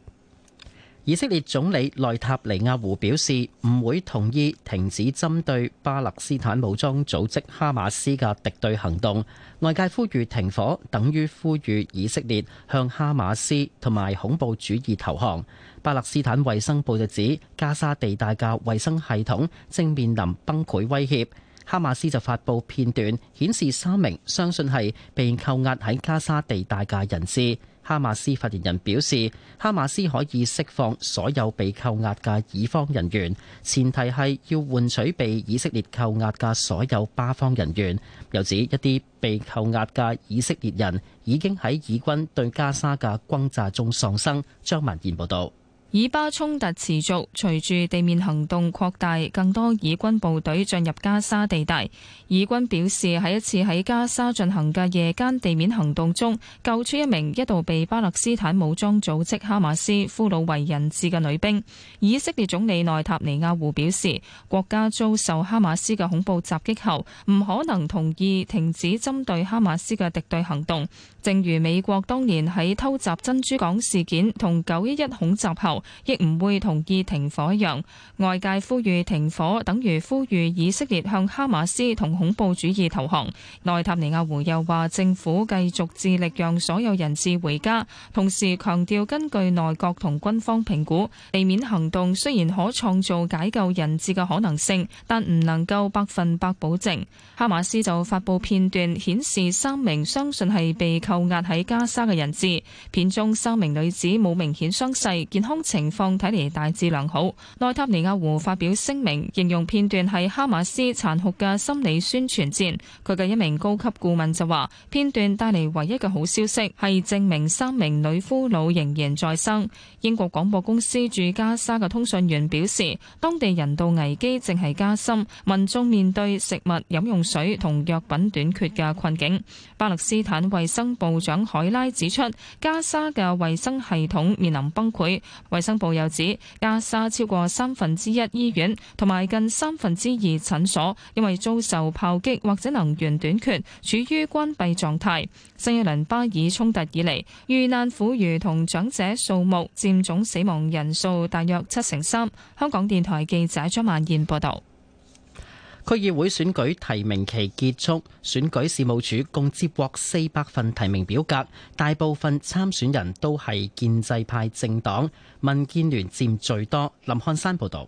以色列總理內塔尼亞胡表示，唔會同意停止針對巴勒斯坦武裝組織哈馬斯嘅敵對行動。外界呼籲停火，等於呼籲以色列向哈馬斯同埋恐怖主義投降。巴勒斯坦衛生部就指，加沙地帶嘅衛生系統正面臨崩潰威脅。哈馬斯就發布片段，顯示三名相信係被扣押喺加沙地帶嘅人士。哈馬斯發言人表示，哈馬斯可以釋放所有被扣押嘅以方人員，前提係要換取被以色列扣押嘅所有巴方人員。又指一啲被扣押嘅以色列人已經喺以軍對加沙嘅轟炸中喪生。張文賢報道。以巴衝突持續，隨住地面行動擴大，更多以軍部隊進入加沙地帶。以軍表示，喺一次喺加沙進行嘅夜間地面行動中，救出一名一度被巴勒斯坦武裝組織哈馬斯俘虜為人質嘅女兵。以色列總理內塔尼亞胡表示，國家遭受哈馬斯嘅恐怖襲擊後，唔可能同意停止針對哈馬斯嘅敵對行動。正如美國當年喺偷襲珍珠港事件同九一一恐襲後，亦唔會同意停火一樣，外界呼籲停火等於呼籲以色列向哈馬斯同恐怖主義投降。內塔尼亞胡又話政府繼續致力讓所有人質回家，同時強調根據內閣同軍方評估，地面行動雖然可創造解救人質嘅可能性，但唔能夠百分百保證。哈馬斯就發布片段顯示三名相信係被扣押喺加沙嘅人質，片中三名女子冇明顯傷勢，健康，情況睇嚟大致良好。內塔尼亞胡發表聲明，形容片段係哈馬斯殘酷嘅心理宣傳戰。佢嘅一名高級顧問就話，片段帶嚟唯一嘅好消息係證明三名女俘虜仍然在生。英國廣播公司駐加沙嘅通訊員表示，當地人道危機正係加深，民眾面對食物、飲用水同藥品短缺嘅困境。巴勒斯坦衛生部長海拉指出，加沙嘅衛生系統面臨崩潰。衛生部又指，加沙超過三分之一醫院同埋近三分之二診所因為遭受炮擊或者能源短缺，處於關閉狀態。新一輪巴以衝突以嚟，遇難婦孺同長者數目佔總死亡人數大約七成三。香港電台記者張萬燕報道。區議會選舉提名期結束，選舉事務處共接獲四百份提名表格，大部分參選人都係建制派政黨，民建聯佔最多。林漢山報導。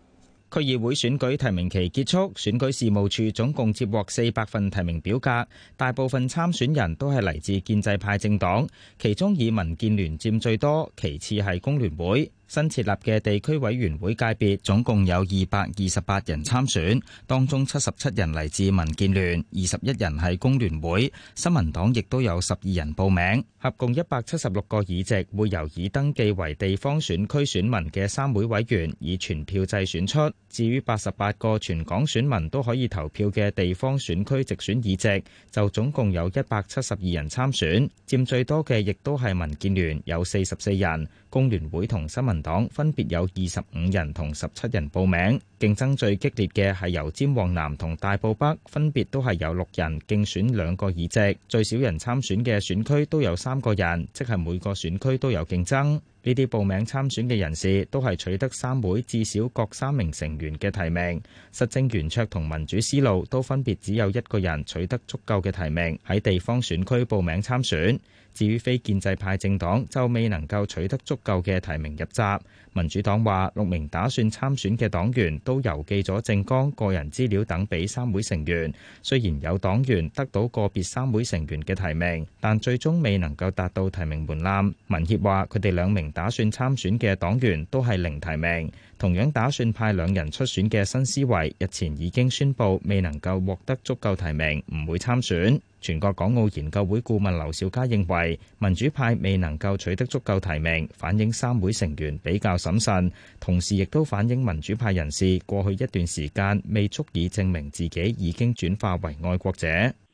區議會選舉提名期結束，選舉事務處總共接獲四百份提名表格，大部分參選人都係嚟自建制派政黨，其中以民建聯佔最多，其次係工聯會。新設立嘅地區委員會界別總共有二百二十八人參選，當中七十七人嚟自民建聯，二十一人係工聯會，新民黨亦都有十二人報名，合共一百七十六個議席會由已登記為地方選區選民嘅三會委員以全票制選出。至於八十八個全港選民都可以投票嘅地方選區直選議席，就總共有一百七十二人參選，佔最多嘅亦都係民建聯，有四十四人。工聯會同新民黨分別有二十五人同十七人報名，競爭最激烈嘅係油尖旺南同大埔北，分別都係有六人競選兩個議席。最少人參選嘅選區都有三個人，即係每個選區都有競爭。呢啲報名參選嘅人士都係取得三會至少各三名成員嘅提名。實政圓桌同民主思路都分別只有一個人取得足夠嘅提名，喺地方選區報名參選。至於非建制派政黨就未能夠取得足夠嘅提名入閘，民主黨話六名打算參選嘅黨員都郵寄咗政綱、個人資料等俾三會成員。雖然有黨員得到個別三會成員嘅提名，但最終未能夠達到提名門檻。民協話佢哋兩名打算參選嘅黨員都係零提名。同樣打算派兩人出選嘅新思維，日前已經宣布未能夠獲得足夠提名，唔會參選。全國港澳研究會顧問劉兆佳，認為民主派未能夠取得足夠提名，反映三會成員比較審慎，同時亦都反映民主派人士過去一段時間未足以證明自己已經轉化為愛國者。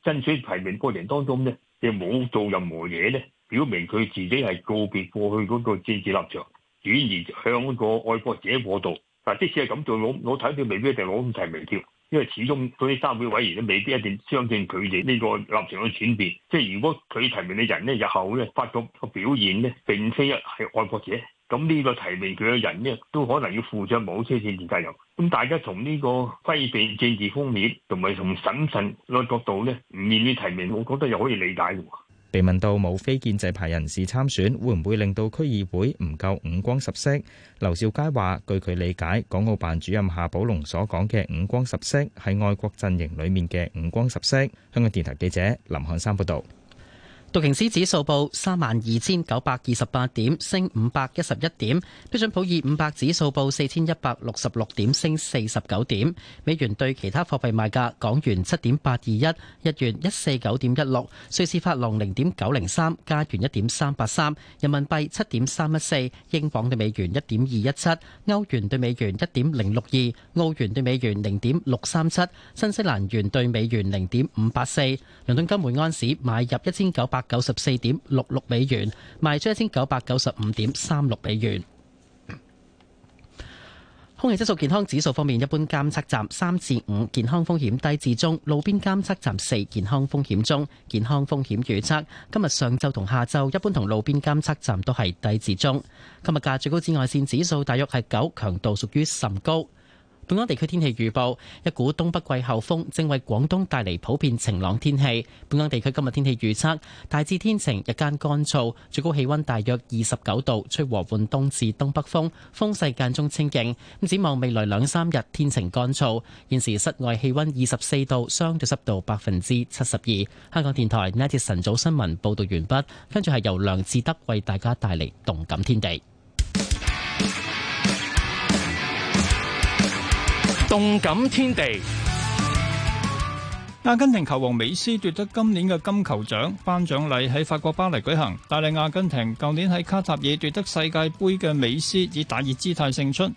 爭取提名過程當中呢，即冇做任何嘢呢，表明佢自己係告別過去嗰個政治立場，轉而向嗰個愛國者過渡。嗱，即使係咁做，攞攞睇佢未必一定攞咁多提名添。因為始終嗰啲三會委員都未必一定相信佢哋呢個立場嘅轉變，即係如果佢提名嘅人咧，日後咧發覺個表現咧，並非一係愛國者，咁呢個提名佢嘅人咧，都可能要負著某些政治責任。咁大家從呢個規避政治風險，同埋從審慎嗰個角度咧，唔願意提名，我覺得又可以理解嘅。被問到冇非建制派人士參選，會唔會令到區議會唔夠五光十色？劉兆佳話：據佢理解，港澳辦主任夏寶龍所講嘅五光十色係外國陣營裡面嘅五光十色。香港電台記者林漢山報導。道瓊斯指數報三萬二千九百二十八點，升五百一十一點。標準普爾五百指數報四千一百六十六點，升四十九點。美元對其他貨幣賣價：港元七點八二一，日元一四九點一六，瑞士法郎零點九零三，加元一點三八三，人民幣七點三一四，英鎊對美元一點二一七，歐元對美元一點零六二，澳元對美元零點六三七，新西蘭元對美元零點五八四。倫敦金會安市買入一千九百九十四點六六美元，賣出一千九百九十五點三六美元。空氣質素健康指數方面，一般監測站三至五，健康風險低至中；路邊監測站四，健康風險中。健康風險預測今日上晝同下晝，一般同路邊監測站都係低至中。今日嘅最高紫外線指數大約係九，強度屬於甚高。本港地區天氣預報，一股東北季候風正為廣東帶嚟普遍晴朗天氣。本港地區今日天氣預測大致天晴，日間乾燥，最高氣温大約二十九度，吹和緩東至東北風，風勢間中清勁。咁展望未來兩三日天晴乾燥。現時室外氣温二十四度，相對濕度百分之七十二。香港電台《Night 晨早新聞》報道完畢，跟住係由梁志德為大家帶嚟動感天地。動感天地，阿根廷球王美斯奪得今年嘅金球獎頒獎禮喺法國巴黎舉行，帶領阿根廷舊年喺卡塔爾奪得世界杯嘅美斯以大熱姿態勝出。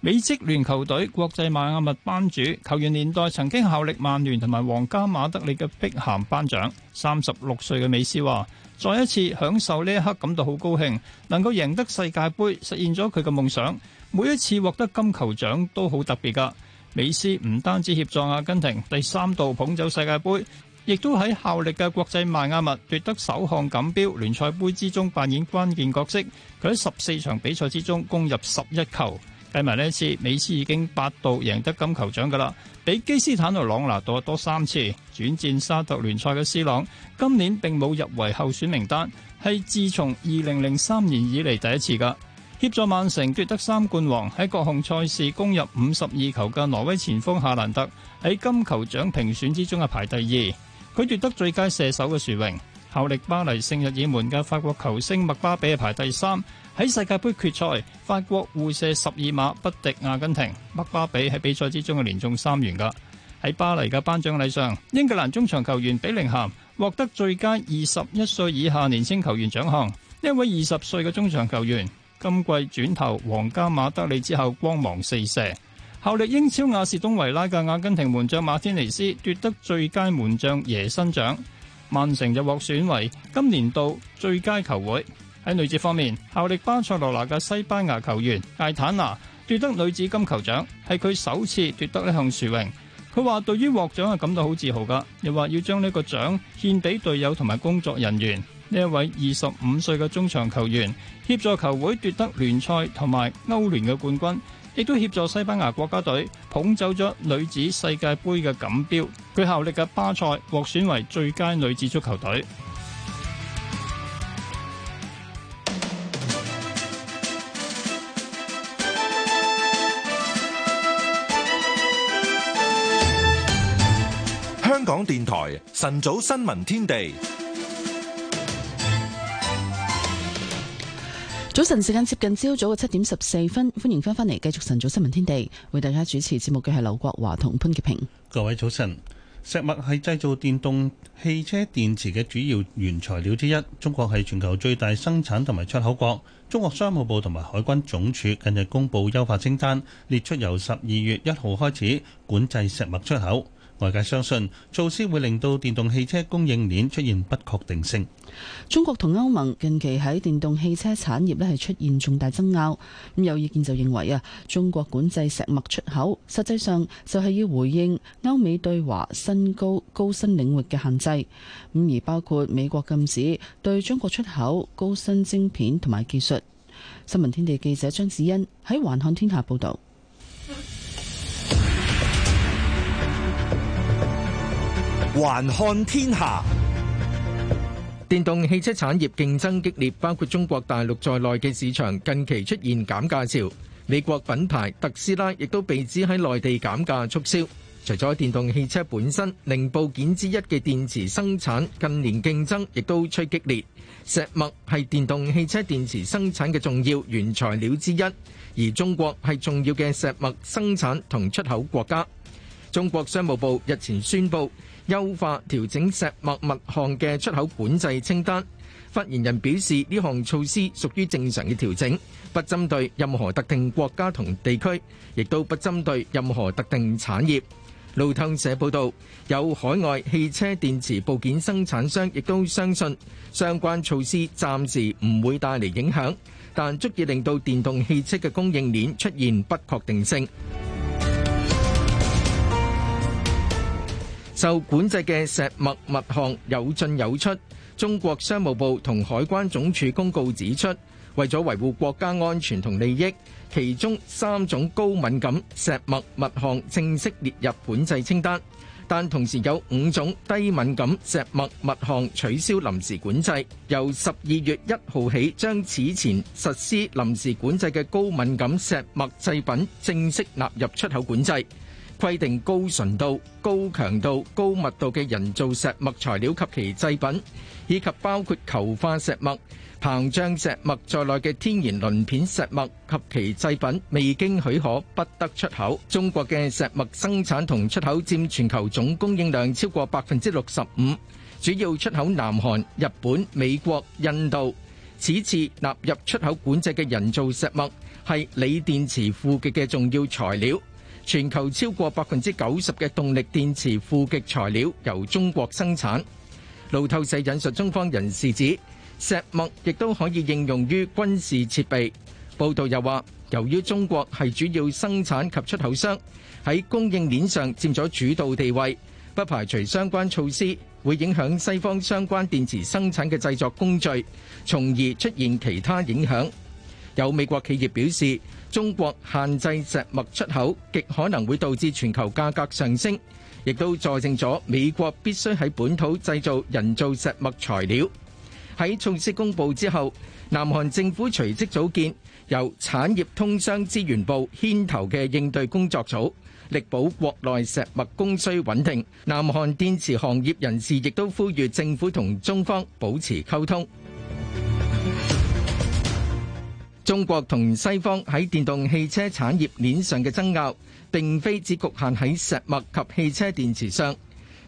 美職聯球隊國際邁阿密班主球員年代曾經效力曼聯同埋皇家馬德里嘅碧咸頒獎，三十六歲嘅美斯話：再一次享受呢一刻感到好高興，能夠贏得世界杯實現咗佢嘅夢想，每一次獲得金球獎都好特別噶。美斯唔單止協助阿根廷第三度捧走世界盃，亦都喺效力嘅國際邁阿密奪得首項錦標聯賽杯之中扮演關鍵角色。佢喺十四場比賽之中攻入十一球，計埋呢次，美斯已經八度贏得金球獎㗎喇，比基斯坦奴朗拿度多三次。轉戰沙特聯賽嘅斯朗今年並冇入圍候選名單，係自從二零零三年以嚟第一次㗎。協助曼城奪得三冠王，喺各項賽事攻入五十二球嘅挪威前鋒夏蘭特喺金球獎評選之中啊排第二，佢奪得最佳射手嘅殊榮。效力巴黎聖日耳門嘅法國球星麥巴比啊排第三。喺世界杯決賽，法國互射十二碼不敵阿根廷，麥巴比喺比賽之中啊連中三元。噶喺巴黎嘅頒獎禮上，英格蘭中場球員比寧涵獲得最佳二十一歲以下年輕球員獎項。一位二十歲嘅中場球員。今季轉投皇家馬德里之後光芒四射，效力英超亞士東維拉嘅阿根廷門將馬天尼斯奪得最佳門將耶辛獎，曼城就獲選為今年度最佳球會。喺女子方面，效力巴塞羅那嘅西班牙球員艾坦拿奪得女子金球獎，係佢首次奪得呢項殊榮。佢話對於獲獎係感到好自豪㗎，又話要將呢個獎獻俾隊友同埋工作人員。呢一位二十五歲嘅中場球員。協助球會奪得聯賽同埋歐聯嘅冠軍，亦都協助西班牙國家隊捧走咗女子世界杯嘅錦標。佢效力嘅巴塞獲選為最佳女子足球隊。香港電台晨早新聞天地。早晨時間接近朝早嘅七點十四分，歡迎翻返嚟繼續晨早新聞天地，為大家主持節目嘅係劉國華同潘潔平。各位早晨。石墨係製造電動汽車電池嘅主要原材料之一，中國係全球最大生產同埋出口國。中國商務部同埋海關總署近日公布優化清單，列出由十二月一號開始管制石墨出口。外界相信措施會令到電動汽車供應鏈出現不確定性。中國同歐盟近期喺電動汽車產業咧係出現重大爭拗，咁有意見就認為啊，中國管制石墨出口，實際上就係要回應歐美對華新高高新領域嘅限制，咁而包括美國禁止對中國出口高新晶片、同埋技術。新聞天地記者張子欣喺環看天下報道。環看天下。電動汽車產業競爭激烈,包括中國大陸在內嘅市場,近期出現減價潮。美國品牌,特斯拉亦都被指喺內地減價促銷。除咗電動汽車本身,零部件之一嘅電池生產,近年競爭亦都趨激烈。石墨係電動汽車電池生產嘅重要原材料之一,而中國係重要嘅石墨生產同出口國家。中國商務部日前宣布,優化調整石墨物項嘅出口管制清單。發言人表示，呢項措施屬於正常嘅調整,不針對任何特定國家同地區，亦都不針對任何特定產業。路透社報導，有海外汽車電池部件生產商亦都相信相關措施暫時唔會帶嚟影響,但足以令到電動汽車嘅供應鏈出現不確定性。受管制嘅石墨物項有進有出，中國商務部同海關總署公告指出，為咗維護國家安全同利益，其中三種高敏感石墨物項正式列入管制清單，但同時有五種低敏感石墨物項取消臨時管制，由十二月一號起將此前實施臨時管制嘅高敏感石墨製品正式納入出口管制。規定高純度、高強度、高密度嘅人造石墨材料及其製品，以及包括球化石墨、膨脹石墨在內嘅天然鱗片石墨及其製品，未經許可不得出口。中國嘅石墨生產同出口佔全球總供應量超過百分之六十五，主要出口南韓、日本、美國、印度。此次納入出口管制嘅人造石墨係鋰電池負極嘅重要材料。全球超過百分之九十嘅動力電池負極材料由中國生產。路透社引述中方人士指，石墨亦都可以應用於軍事設備。報道又話，由於中國係主要生產及出口商，喺供應鏈上佔咗主導地位，不排除相關措施會影響西方相關電池生產嘅製作工序，從而出現其他影響。有美國企業表示。中國限制石墨出口，極可能會導致全球價格上升，亦都佐證咗美國必須喺本土製造人造石墨材料。喺措施公佈之後，南韓政府隨即組建由產業通商資源部牽頭嘅應對工作組，力保國內石墨供需穩定。南韓電池行業人士亦都呼籲政府同中方保持溝通。中國同西方喺電動汽車產業鏈上嘅爭拗，並非只局限喺石墨及汽車電池上。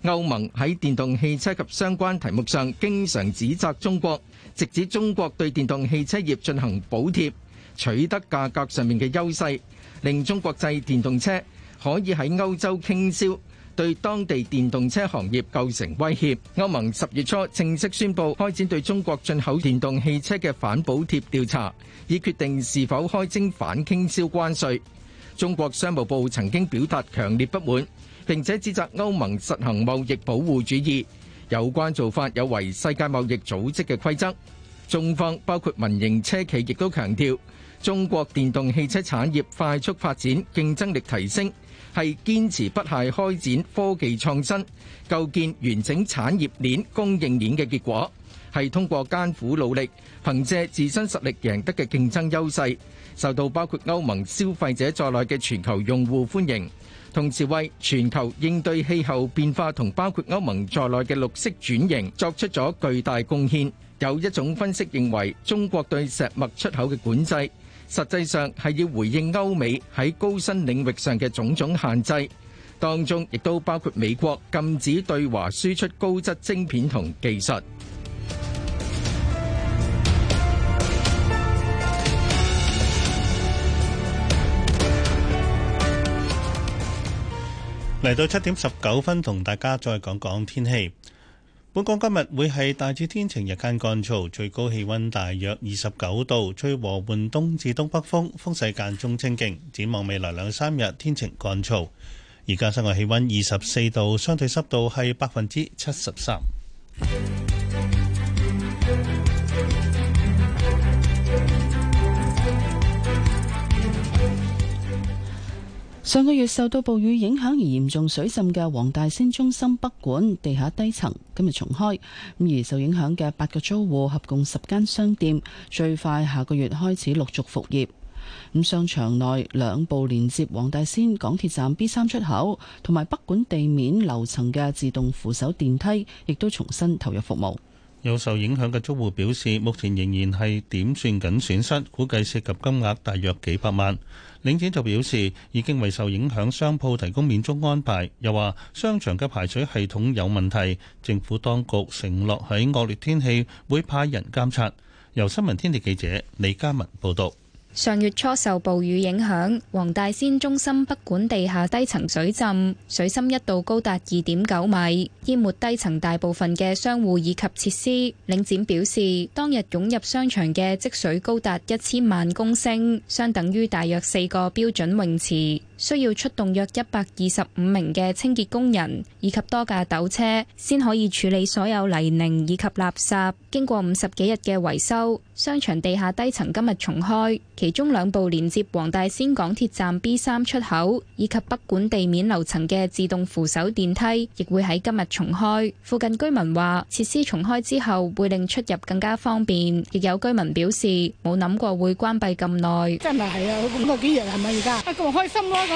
歐盟喺電動汽車及相關題目上，經常指責中國，直指中國對電動汽車業進行補貼，取得價格上面嘅優勢，令中國製電動車可以喺歐洲傾銷。對當地電動車行業構成威脅。歐盟十月初正式宣佈開展對中國進口電動汽車嘅反補貼調查，以決定是否開徵反傾銷關稅。中國商務部曾經表達強烈不滿，並且指責歐盟實行貿易保護主義，有關做法有違世界貿易組織嘅規則。中方包括民營車企亦都強調，中國電動汽車產業快速發展，競爭力提升，係堅持不懈開展科技創新、構建完整產業鏈供應鏈嘅結果，係通過艱苦努力，憑借自身實力贏得嘅競爭優勢，受到包括歐盟消費者在內嘅全球用戶歡迎，同時為全球應對氣候變化同包括歐盟在內嘅綠色轉型作出咗巨大貢獻。有一種分析認為，中國對石墨出口嘅管制，實際上係要回應歐美喺高新領域上嘅種種限制，當中亦都包括美國禁止對華輸出高質晶片同技術。嚟到七點十九分，同大家再講講天氣。本港今日會係大致天晴，日間乾燥，最高氣溫大約二十九度，吹和緩東至東北風，風勢間中清勁。展望未來兩三日天晴乾燥。而家室外氣溫二十四度，相對濕度係百分之七十三。上個月受到暴雨影響而嚴重水浸嘅黃大仙中心北館地下低層今日重開，而受影響嘅八個租戶合共十間商店最快下個月開始陸續復業。咁商場內兩部連接黃大仙港鐵站 B 三出口同埋北館地面樓層嘅自動扶手電梯亦都重新投入服務。有受影響嘅租戶表示，目前仍然係點算緊損失，估計涉及金額大約幾百萬。領展就表示已經為受影響商鋪提供免租安排，又話商場嘅排水系統有問題，政府當局承諾喺惡劣天氣會派人監察。由新聞天地記者李嘉文報道。上月初受暴雨影響，黃大仙中心北館地下低層水浸，水深一度高達二點九米，淹沒低層大部分嘅商戶以及設施。領展表示，當日湧入商場嘅積水高達一千萬公升，相等於大約四個標準泳池。需要出動約125名嘅清潔工人以及多架斗車先可以處理所有泥濘以及垃圾，經過五十幾日嘅維修，商場地下低層今日重開，其中兩部連接黃大仙港鐵站 B3 出口以及北館地面樓層嘅自動扶手電梯亦會喺今日重開。附近居民話設施重開之後會令出入更加方便，亦有居民表示冇諗過會關閉咁耐。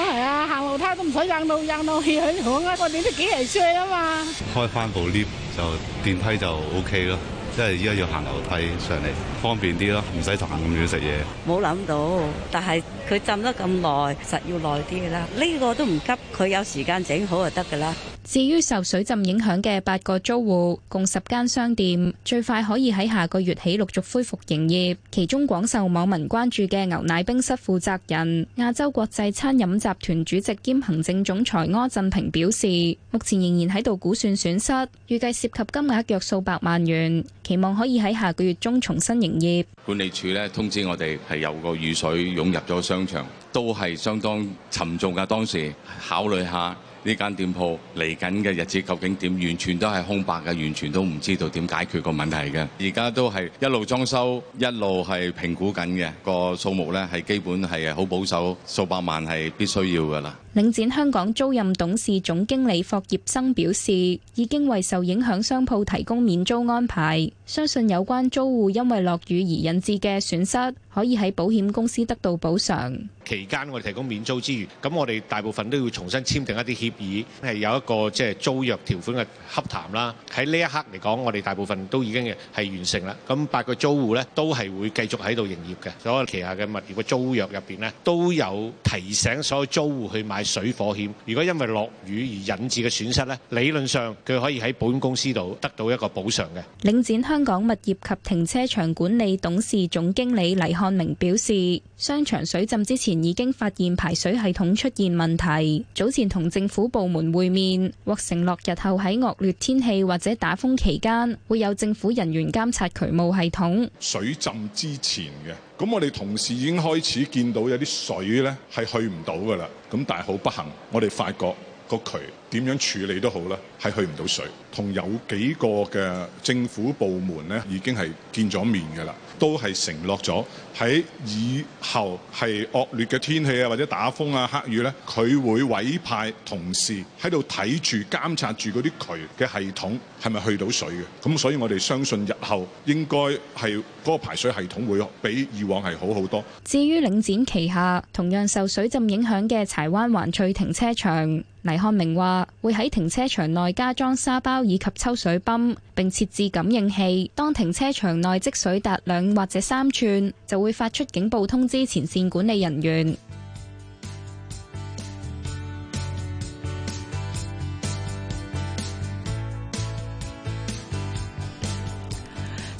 係 啊，行樓梯都唔使硬到硬到氣響響啊！我哋都幾廿歲啊嘛，開返部 lift 就電梯就 OK 咯。即係而家要行樓梯上嚟，方便啲咯，唔使行咁遠食嘢。冇諗到，但係佢浸得咁耐，實要耐啲嘅啦。呢個都唔急，佢有時間整好就得㗎啦。至於受水浸影響嘅八個租戶，共十間商店，最快可以喺下個月起陸續恢復營業。其中廣受網民關注嘅牛奶冰室負責人、亞洲國際餐飲集團主席兼行政總裁柯振平表示，目前仍然喺度估算損失，預計涉及金額約數百萬元。期望可以喺下個月中重新營業。管理處呢，通知我哋係由個雨水湧入咗商場，都係相當沉重㗎。當時考慮下呢間店鋪嚟緊嘅日子究竟點，完全都係空白嘅，完全都唔知道點解決個問題嘅。而家都係一路裝修，一路係評估緊嘅個數目呢，係基本係好保守，數百萬係必須要㗎喇。領展香港租賃董事總經理霍業生表示，已經為受影響商鋪提供免租安排，相信有關租戶因為落雨而引致嘅損失，可以喺保險公司得到補償。期間我哋提供免租之餘，咁我哋大部分都要重新簽訂一啲協議，係有一個即係租約條款嘅洽談啦。喺呢一刻嚟講，我哋大部分都已經係完成啦。咁八個租戶呢都係會繼續喺度營業嘅，所有旗下嘅物業嘅租約入邊呢，都有提醒所有租戶去買。水火險，如果因為落雨而引致嘅損失，呢，理論上佢可以喺保險公司度得到一個補償嘅。領展香港物業及停車場管理董事總經理黎漢明表示，商場水浸之前已經發現排水系統出現問題，早前同政府部門會面，或承諾日後喺惡劣天氣或者打風期間，會有政府人員監察渠務系統。水浸之前嘅。咁我哋同時已經開始見到有啲水呢係去唔到㗎啦，咁但係好不幸，我哋發覺。個渠點樣處理都好啦，係去唔到水。同有幾個嘅政府部門呢已經係見咗面嘅啦，都係承諾咗喺以後係惡劣嘅天氣啊，或者打風啊、黑雨呢，佢會委派同事喺度睇住監察住嗰啲渠嘅系統係咪去到水嘅。咁所以我哋相信，日後應該係嗰個排水系統會比以往係好好多。至於領展旗下同樣受水浸影響嘅柴灣環翠停車場。黎漢明話：會喺停車場內加裝沙包以及抽水泵，並設置感應器，當停車場內積水達兩或者三寸，就會發出警報通知前線管理人員。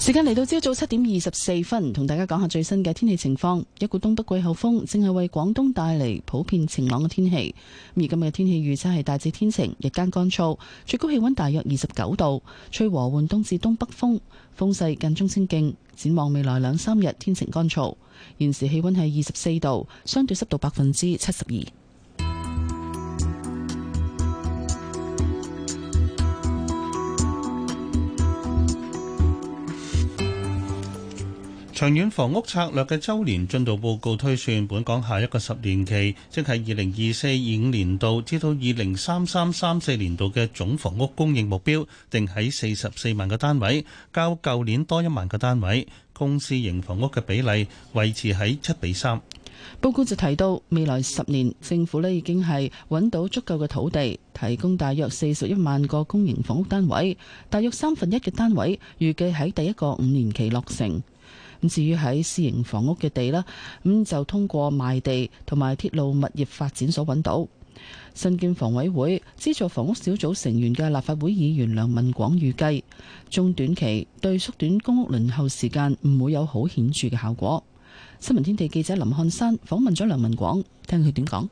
時間嚟到朝早七點二十四分，同大家講下最新嘅天氣情況。一股東北季候風正係為廣東帶嚟普遍晴朗嘅天氣。而今日嘅天氣預測係大致天晴，日間乾燥，最高氣溫大約二十九度，吹和緩東至東北風，風勢間中清勁。展望未來兩三日天晴乾燥。現時氣溫係二十四度，相對濕度百分之七十二。長遠房屋策略嘅周年進度報告推算，本港下一個十年期，即係二零二四、二五年度至，至到二零三三、三四年度嘅總房屋供應目標定喺四十四萬個單位，較舊年多一萬個單位。公私營房屋嘅比例維持喺七比三。報告就提到，未來十年政府咧已經係揾到足夠嘅土地，提供大約四十一萬個公營房屋單位，大約三分一嘅單位預計喺第一個五年期落成。咁至於喺私營房屋嘅地啦，咁就通過賣地同埋鐵路物業發展所揾到。身兼房委會資助房屋小組成員嘅立法會議員梁文廣預計，中短期對縮短公屋輪候時間唔會有好顯著嘅效果。新聞天地記者林漢山訪問咗梁文廣，聽佢點講。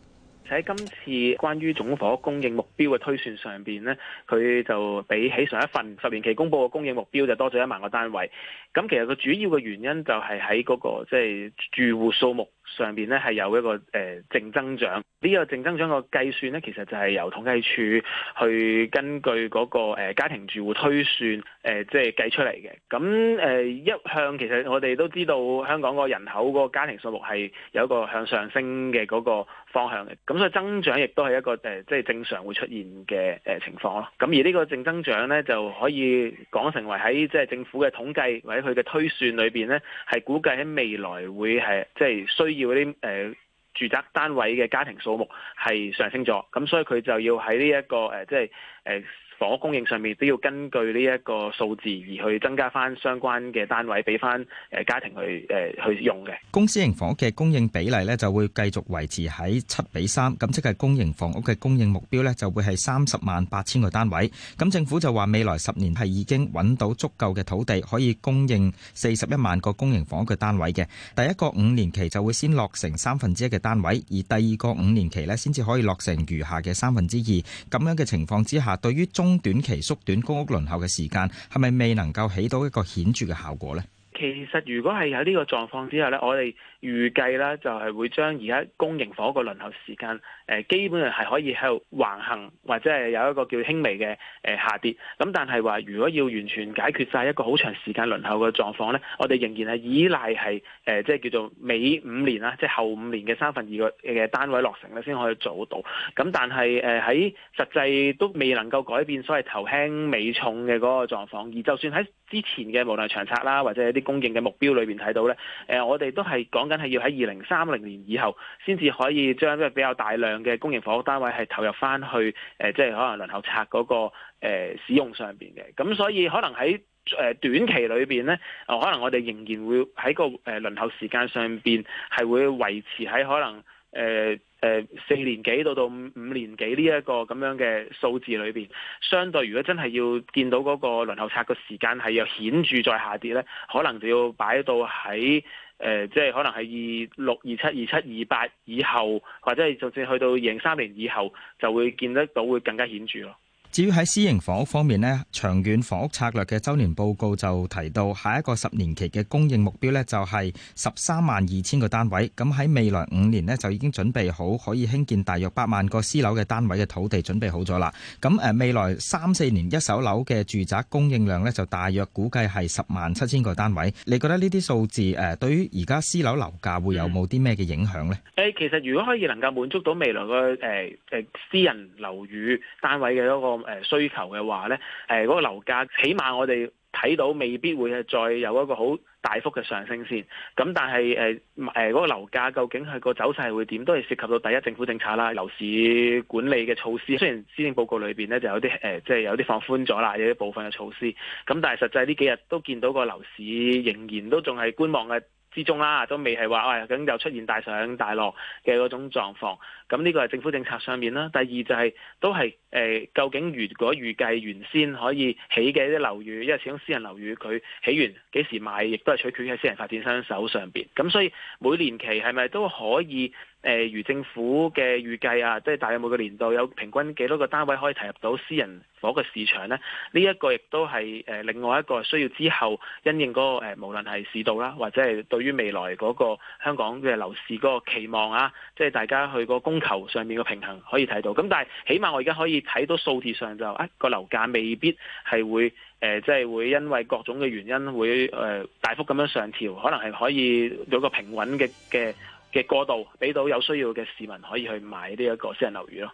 喺今次關於總房屋供應目標嘅推算上面呢，佢就比起上一份十年期公佈嘅供應目標就多咗一萬個單位。咁其實個主要嘅原因就係喺嗰個即係、就是、住戶數目。上邊咧係有一個誒正增長呢個正增長個計算咧，其實就係由統計處去根據嗰個誒家庭住戶推算誒即係計出嚟嘅。咁誒一向其實我哋都知道香港個人口個家庭數目係有一個向上升嘅嗰個方向嘅，咁所以增長亦都係一個誒即係正常會出現嘅誒情況咯。咁而呢個正增長咧就可以講成為喺即係政府嘅統計或者佢嘅推算裏邊咧，係估計喺未來會係即係需要。嗰啲誒住宅單位嘅家庭數目係上升咗，咁所以佢就要喺呢一個誒、呃，即係誒。呃房屋供應上面都要根據呢一個數字而去增加翻相關嘅單位，俾翻誒家庭去誒去用嘅。公私營房屋嘅供應比例咧就會繼續維持喺七比三，咁即係公營房屋嘅供應目標咧就會係三十萬八千個單位。咁政府就話未來十年係已經揾到足夠嘅土地，可以供應四十一萬個公營房屋嘅單位嘅。第一個五年期就會先落成三分之一嘅單位，而第二個五年期咧先至可以落成餘下嘅三分之二。咁樣嘅情況之下，對於中短期縮短公屋輪候嘅時間，係咪未能夠起到一個顯著嘅效果咧？其實如果係喺呢個狀況之下咧，我哋。預計啦，就係會將而家公營房屋嘅輪候時間，誒、呃、基本上係可以喺度橫行，或者係有一個叫輕微嘅誒、呃、下跌。咁但係話，如果要完全解決晒一個好長時間輪候嘅狀況咧，我哋仍然係依賴係誒、呃，即係叫做尾五年啦，即係後五年嘅三分二個嘅單位落成咧，先可以做到。咁但係誒喺實際都未能夠改變所謂頭輕尾重嘅嗰個狀況。而就算喺之前嘅無論係長策啦，或者係啲供應嘅目標裏邊睇到咧，誒、呃呃、我哋都係講緊。真係要喺二零三零年以後，先至可以將即係比較大量嘅公營房屋單位係投入翻去誒，即、呃、係、就是、可能輪候冊嗰、那個、呃、使用上邊嘅。咁所以可能喺誒短期裏邊咧，可能我哋仍然會喺、那個誒輪、呃、候時間上邊係會維持喺可能誒誒、呃呃、四年幾到到五年幾呢一個咁樣嘅數字裏邊。相對，如果真係要見到嗰個輪候冊嘅時間係要顯著再下跌咧，可能就要擺到喺。誒、呃，即係可能係二六、二七、二七、二八以後，或者係就算去到盈三年以後，就會見得到會更加顯著咯。至於喺私營房屋方面咧，長遠房屋策略嘅周年報告就提到，下一個十年期嘅供應目標呢，就係十三萬二千個單位。咁喺未來五年呢，就已經準備好可以興建大約八萬個私樓嘅單位嘅土地準備好咗啦。咁誒，未來三四年一手樓嘅住宅供應量呢，就大約估計係十萬七千個單位。你覺得呢啲數字誒，對於而家私樓樓價會有冇啲咩嘅影響呢？誒，其實如果可以能夠滿足到未來個誒誒私人樓宇單位嘅嗰個。誒、呃、需求嘅話呢，誒、呃、嗰、嗰個樓價，起碼我哋睇到未必會係再有一個好大幅嘅上升先。咁但係誒誒嗰個樓價究竟係個走勢會點，都係涉及到第一政府政策啦、樓市管理嘅措施。雖然施政報告裏邊呢就有啲誒，即、呃、係、即係、有啲放寬咗啦，有啲部分嘅措施。咁但係實際呢幾日都見到個樓市仍然都仲係觀望嘅。之中啦，都未係話喂，咁、哎、又出現大上大落嘅嗰種狀況。咁呢個係政府政策上面啦。第二就係、是、都係誒、呃、究竟，如果預計原先可以起嘅啲樓宇，因為始終私人樓宇佢起完幾時賣，亦都係取決喺私人發展商手上邊，咁所以每年期係咪都可以？誒如、呃、政府嘅預計啊，即係大約每個年度有平均幾多個單位可以投入到私人房嘅市場呢？呢、這、一個亦都係誒另外一個需要之後因應嗰、那個誒、呃，無論係市道啦，或者係對於未來嗰個香港嘅樓市嗰個期望啊，即係大家去嗰供求上面嘅平衡可以睇到。咁但係起碼我而家可以睇到數字上就啊個樓價未必係會誒，即、呃、係、就是、會因為各種嘅原因會誒、呃、大幅咁樣上調，可能係可以有個平穩嘅嘅嘅過渡，俾到有需要嘅市民可以去買呢一個私人樓宇咯。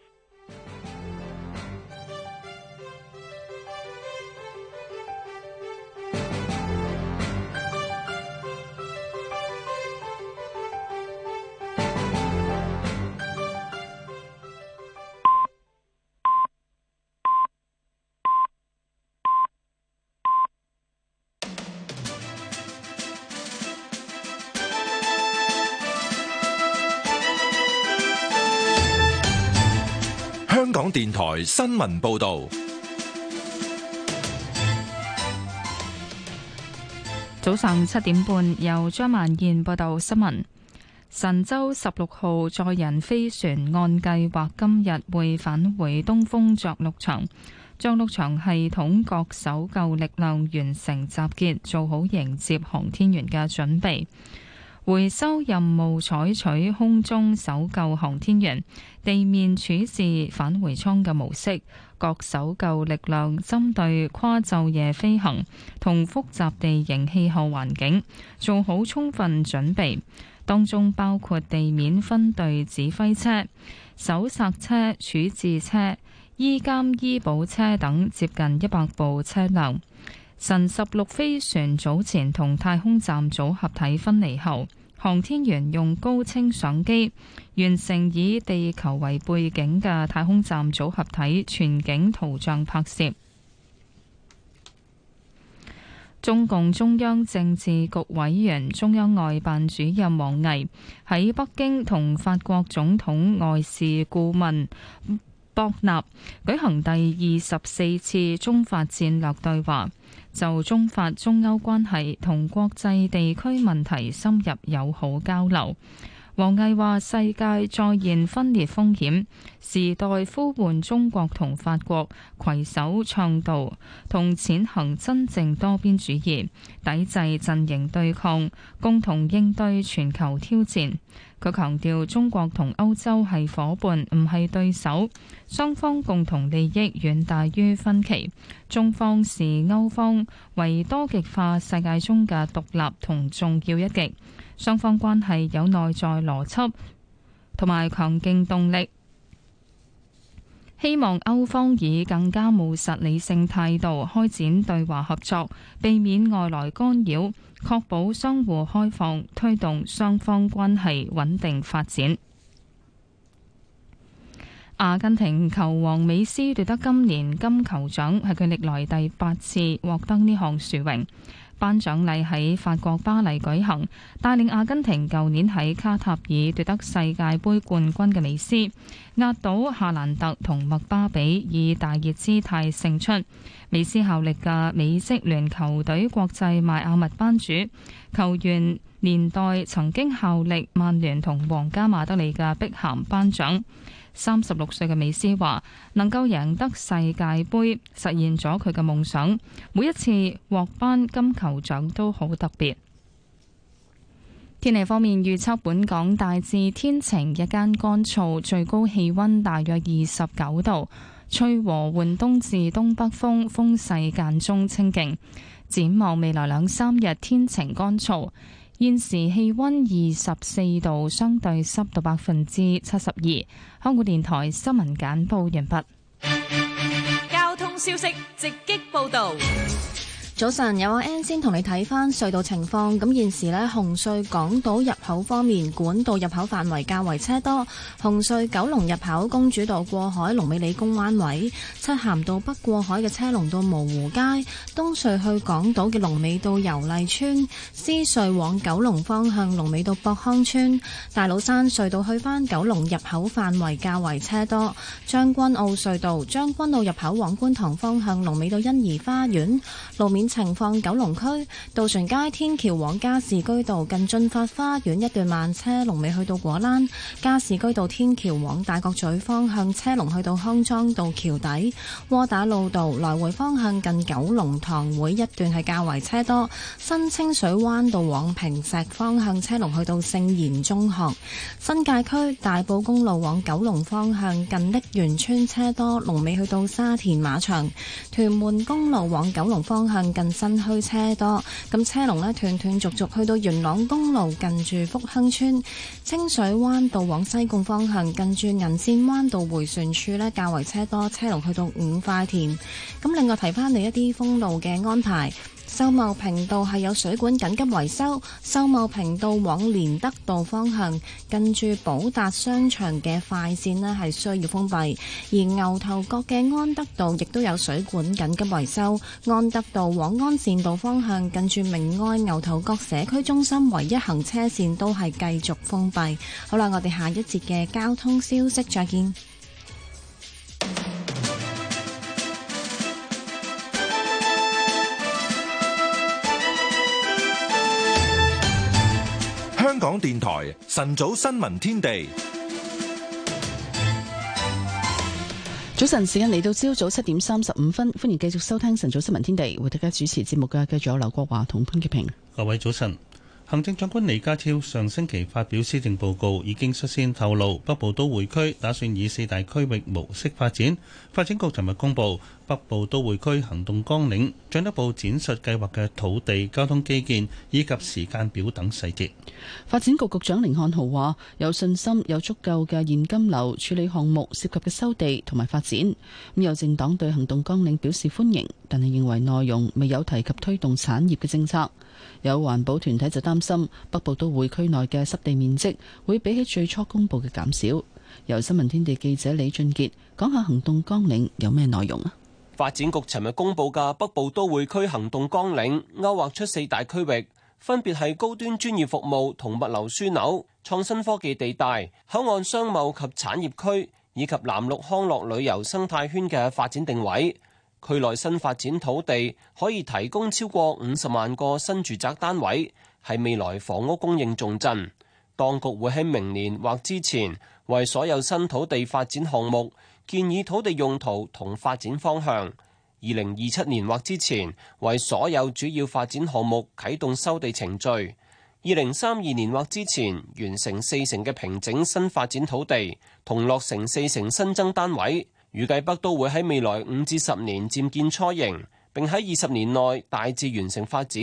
電台新聞報道，早上七點半，由張萬燕報道新聞。神舟十六號載人飛船按計劃今日會返回東風着陸場，着陸場系統各搜救力量完成集結，做好迎接航天員嘅準備。回收任務採取空中搜救航天員、地面處置返回艙嘅模式，各搜救力量針對跨晝夜飛行同複雜地形氣候環境做好充分準備，當中包括地面分隊指揮車、搜索車、處置車、醫監醫保車等接近一百部車輛。神十六飛船早前同太空站組合體分離後，航天員用高清相機完成以地球為背景嘅太空站組合體全景圖像拍攝。中共中央政治局委員、中央外辦主任王毅喺北京同法國總統外事顧問博納舉行第二十四次中法戰略對話。就中法、中歐關係同國際地區問題深入友好交流。王毅話：世界再現分裂風險，時代呼喚中國同法國攜手倡導同踐行真正多邊主義，抵制陣營對抗，共同應對全球挑戰。佢強調，中國同歐洲係伙伴，唔係對手，雙方共同利益遠大於分歧。中方視歐方為多極化世界中嘅獨立同重要一極。雙方關係有內在邏輯同埋強勁動力，希望歐方以更加務實理性態度開展對華合作，避免外來干擾，確保相互開放，推動雙方關係穩定發展。阿根廷球王美斯奪得今年金球獎，係佢歷來第八次獲得呢項殊榮。頒獎禮喺法國巴黎舉行，帶領阿根廷舊年喺卡塔爾奪得世界杯冠軍嘅美斯，壓倒夏蘭特同麥巴比，以大熱姿態勝出。美斯效力嘅美式聯球隊國際邁阿密班主，球員年代曾經效力曼聯同皇家馬德里嘅碧咸頒獎。三十六歲嘅美斯話：能夠贏得世界杯，實現咗佢嘅夢想。每一次獲頒金球獎都好特別。天氣方面預測，預測本港大致天晴，日間乾燥，最高氣溫大約二十九度，吹和緩東至東北風，風勢間中清勁。展望未來兩三日，天晴乾燥。現時氣溫二十四度，相對濕度百分之七十二。香港電台新聞簡報完畢。交通消息直擊報道。早晨，有阿 N 先同你睇翻隧道情況。咁現時咧，紅隧港島入口方面，管道入口範圍較為車多。紅隧九龍入口公主道過海、龍尾理工彎位、漆咸道北過海嘅車龍到蕪湖街。東隧去港島嘅龍尾到油麗邨。獅隧往九龍方向龍尾到博康邨。大老山隧道去翻九龍入口範圍較為車多。將軍澳隧道將軍澳入口往觀塘方向龍尾到欣怡花園路面。情況：九龍區渡船街天橋往加士居道近駿發花園一段慢車龍尾去到果欄；加士居道天橋往大角咀方向車龍去到康莊道橋底；窩打老道來回方向近九龍塘會一段係較為車多；新清水灣道往坪石方向車龍去到聖賢中學；新界區大埔公路往九龍方向近瀝源村車多龍尾去到沙田馬場；屯門公路往九龍方向。近新墟車多，咁車龍呢斷斷續續去到元朗公路近住福亨村。清水灣道往西貢方向，近住銀線灣道回旋處呢較為車多，車龍去到五塊田。咁另外提翻你一啲封路嘅安排。秀茂坪道係有水管緊急維修，秀茂坪道往連德道方向近住寶達商場嘅快線咧係需要封閉，而牛頭角嘅安德道亦都有水管緊急維修，安德道往安善道方向近住明愛牛頭角社區中心唯一行車線都係繼續封閉。好啦，我哋下一節嘅交通消息再見。香港電台晨早新聞天地，早晨時間嚟到朝早七點三十五分，歡迎繼續收聽晨早新聞天地，為大家主持節目嘅繼續有劉國華同潘潔平，各位早晨。行政長官李家超上星期發表施政報告，已經率先透露北部都會區打算以四大區域模式發展。發展局尋日公佈北部都會區行動綱領，進一步展述計劃嘅土地、交通基建以及時間表等細節。發展局局長甯漢豪話：有信心，有足夠嘅現金流處理項目涉及嘅收地同埋發展。咁有政黨對行動綱領表示歡迎，但係認為內容未有提及推動產業嘅政策。有環保團體就擔心北部都會區內嘅濕地面積會比起最初公布嘅減少。由新聞天地記者李俊杰講下行動綱領有咩內容啊？發展局尋日公布嘅北部都會區行動綱領勾畫出四大區域，分別係高端專業服務同物流樞紐、創新科技地帶、口岸商貿及產業區，以及藍綠康樂旅遊生態圈嘅發展定位。區內新發展土地可以提供超過五十萬個新住宅單位，係未來房屋供應重鎮。當局會喺明年或之前為所有新土地發展項目建議土地用途同發展方向；二零二七年或之前為所有主要發展項目啟動收地程序；二零三二年或之前完成四成嘅平整新發展土地，同落成四成新增單位。預計北都會喺未來五至十年漸見雛形，並喺二十年內大致完成發展。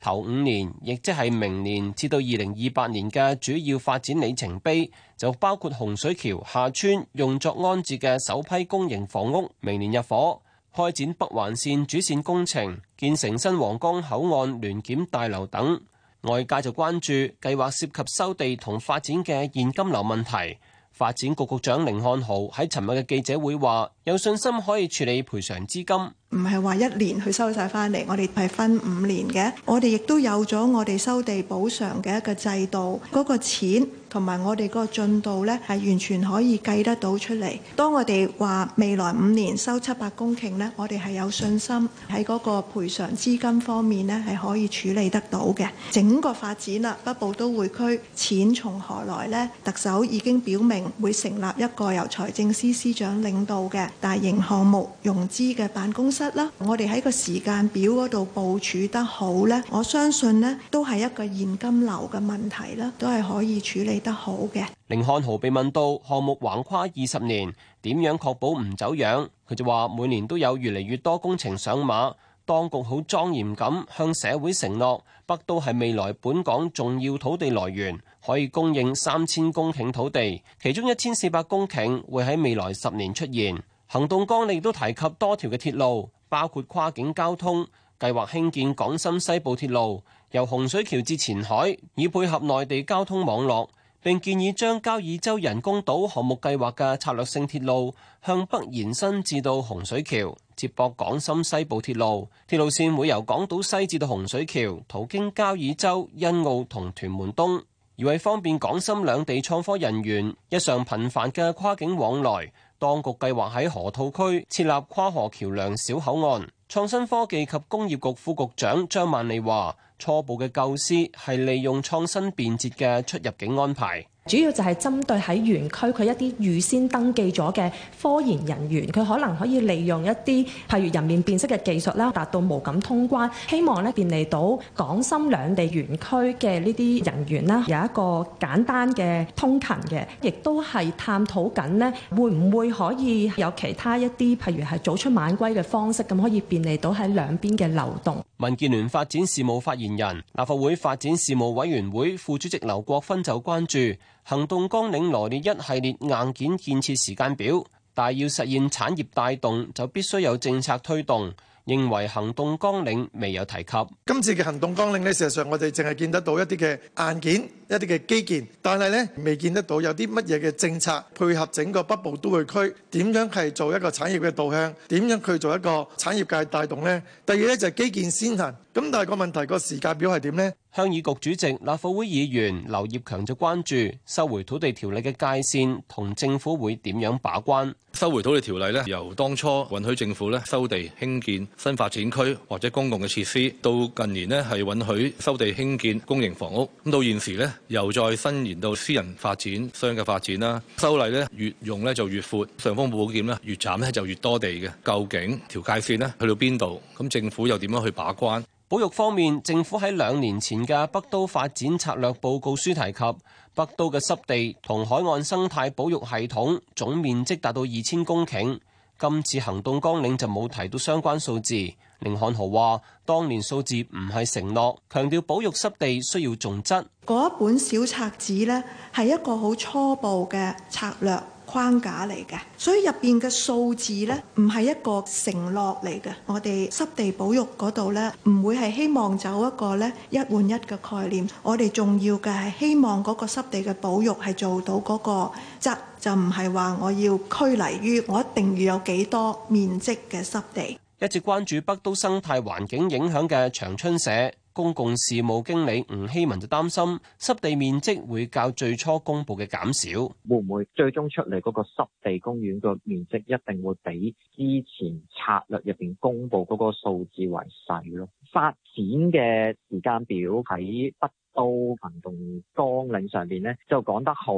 頭五年，亦即係明年至到二零二八年嘅主要發展里程碑，就包括洪水橋廈村用作安置嘅首批公營房屋明年入伙，開展北環線主線工程，建成新皇崗口岸聯檢大樓等。外界就關注計劃涉及收地同發展嘅現金流問題。發展局局長寧漢豪喺尋日嘅記者會話，有信心可以處理賠償資金，唔係話一年去收晒翻嚟，我哋係分五年嘅，我哋亦都有咗我哋收地補償嘅一個制度，嗰個錢。同埋我哋嗰個進度咧，係完全可以計得到出嚟。當我哋話未來五年收七百公頃咧，我哋係有信心喺嗰個賠償資金方面咧係可以處理得到嘅。整個發展啦，北部都會區錢從何來咧？特首已經表明會成立一個由財政司司長領導嘅大型項目融資嘅辦公室啦。我哋喺個時間表嗰度部署得好咧，我相信咧都係一個現金流嘅問題啦，都係可以處理得好嘅。甯漢豪被問到項目橫跨二十年，點樣確保唔走樣？佢就話：每年都有越嚟越多工程上馬，當局好莊嚴咁向社會承諾，北都係未來本港重要土地來源，可以供應三千公頃土地，其中一千四百公頃會喺未來十年出現。行動綱領亦都提及多條嘅鐵路，包括跨境交通計劃興建港深西部鐵路，由洪水橋至前海，以配合內地交通網絡。並建議將交椅洲人工島項目計劃嘅策略性鐵路向北延伸至到洪水橋，接駁港深西部鐵路。鐵路線會由港島西至到洪水橋，途經交椅洲、欣澳同屯門東。而為方便港深兩地創科人員日常頻繁嘅跨境往來，當局計劃喺河套區設立跨河橋梁小口岸。創新科技及工業局副局長張曼莉話：初步嘅構思係利用創新便捷嘅出入境安排。主要就係針對喺園區佢一啲預先登記咗嘅科研人員，佢可能可以利用一啲譬如人面辨識嘅技術啦，達到無感通關，希望咧便利到港深兩地園區嘅呢啲人員啦，有一個簡單嘅通勤嘅，亦都係探討緊咧會唔會可以有其他一啲譬如係早出晚歸嘅方式，咁可以便利到喺兩邊嘅流動。民建聯發展事務發言人、立法會發展事務委員會副主席劉國勳就關注行動綱領羅列一系列硬件建設時間表，但要實現產業帶動，就必須有政策推動。認為行動綱領未有提及。今次嘅行動綱領呢，事實上我哋淨係見得到一啲嘅硬件、一啲嘅基建，但係呢，未見得到有啲乜嘢嘅政策配合整個北部都會區點樣係做一個產業嘅導向，點樣去做一個產業界帶動呢？第二呢，就係基建先行。咁但係個問題個時間表係點呢？鄉議局主席、立法會議員劉業強就關注收回土地條例嘅界線同政府會點樣把關。收回土地條例咧，由當初允許政府咧收地興建新發展區或者公共嘅設施，到近年咧係允許收地興建公營房屋，咁到現時咧又再伸延到私人發展商嘅發展啦。修例咧越用咧就越闊，尚方寶劍啦，越斬咧就越多地嘅。究竟條界線咧去到邊度？咁政府又點樣去把關？保育方面，政府喺兩年前嘅北都發展策略報告書提及北都嘅濕地同海岸生態保育系統總面積達到二千公頃。今次行動綱領就冇提到相關數字。甯漢豪話：當年數字唔係承諾，強調保育濕地需要重質。嗰一本小冊子呢，係一個好初步嘅策略。框架嚟嘅，所以入邊嘅數字咧，唔係一個承諾嚟嘅。我哋濕地保育嗰度咧，唔會係希望走一個咧一換一嘅概念。我哋重要嘅係希望嗰個濕地嘅保育係做到嗰個質，就唔係話我要拘泥於我一定要有幾多面積嘅濕地。一直關注北都生態環境影響嘅長春社。公共事務經理吳希文就擔心，濕地面積會較最初公布嘅減少，會唔會最終出嚟嗰個濕地公園個面積一定會比之前策略入邊公佈嗰個數字為細咯？發展嘅時間表喺北。都行動綱領上邊咧，就講得好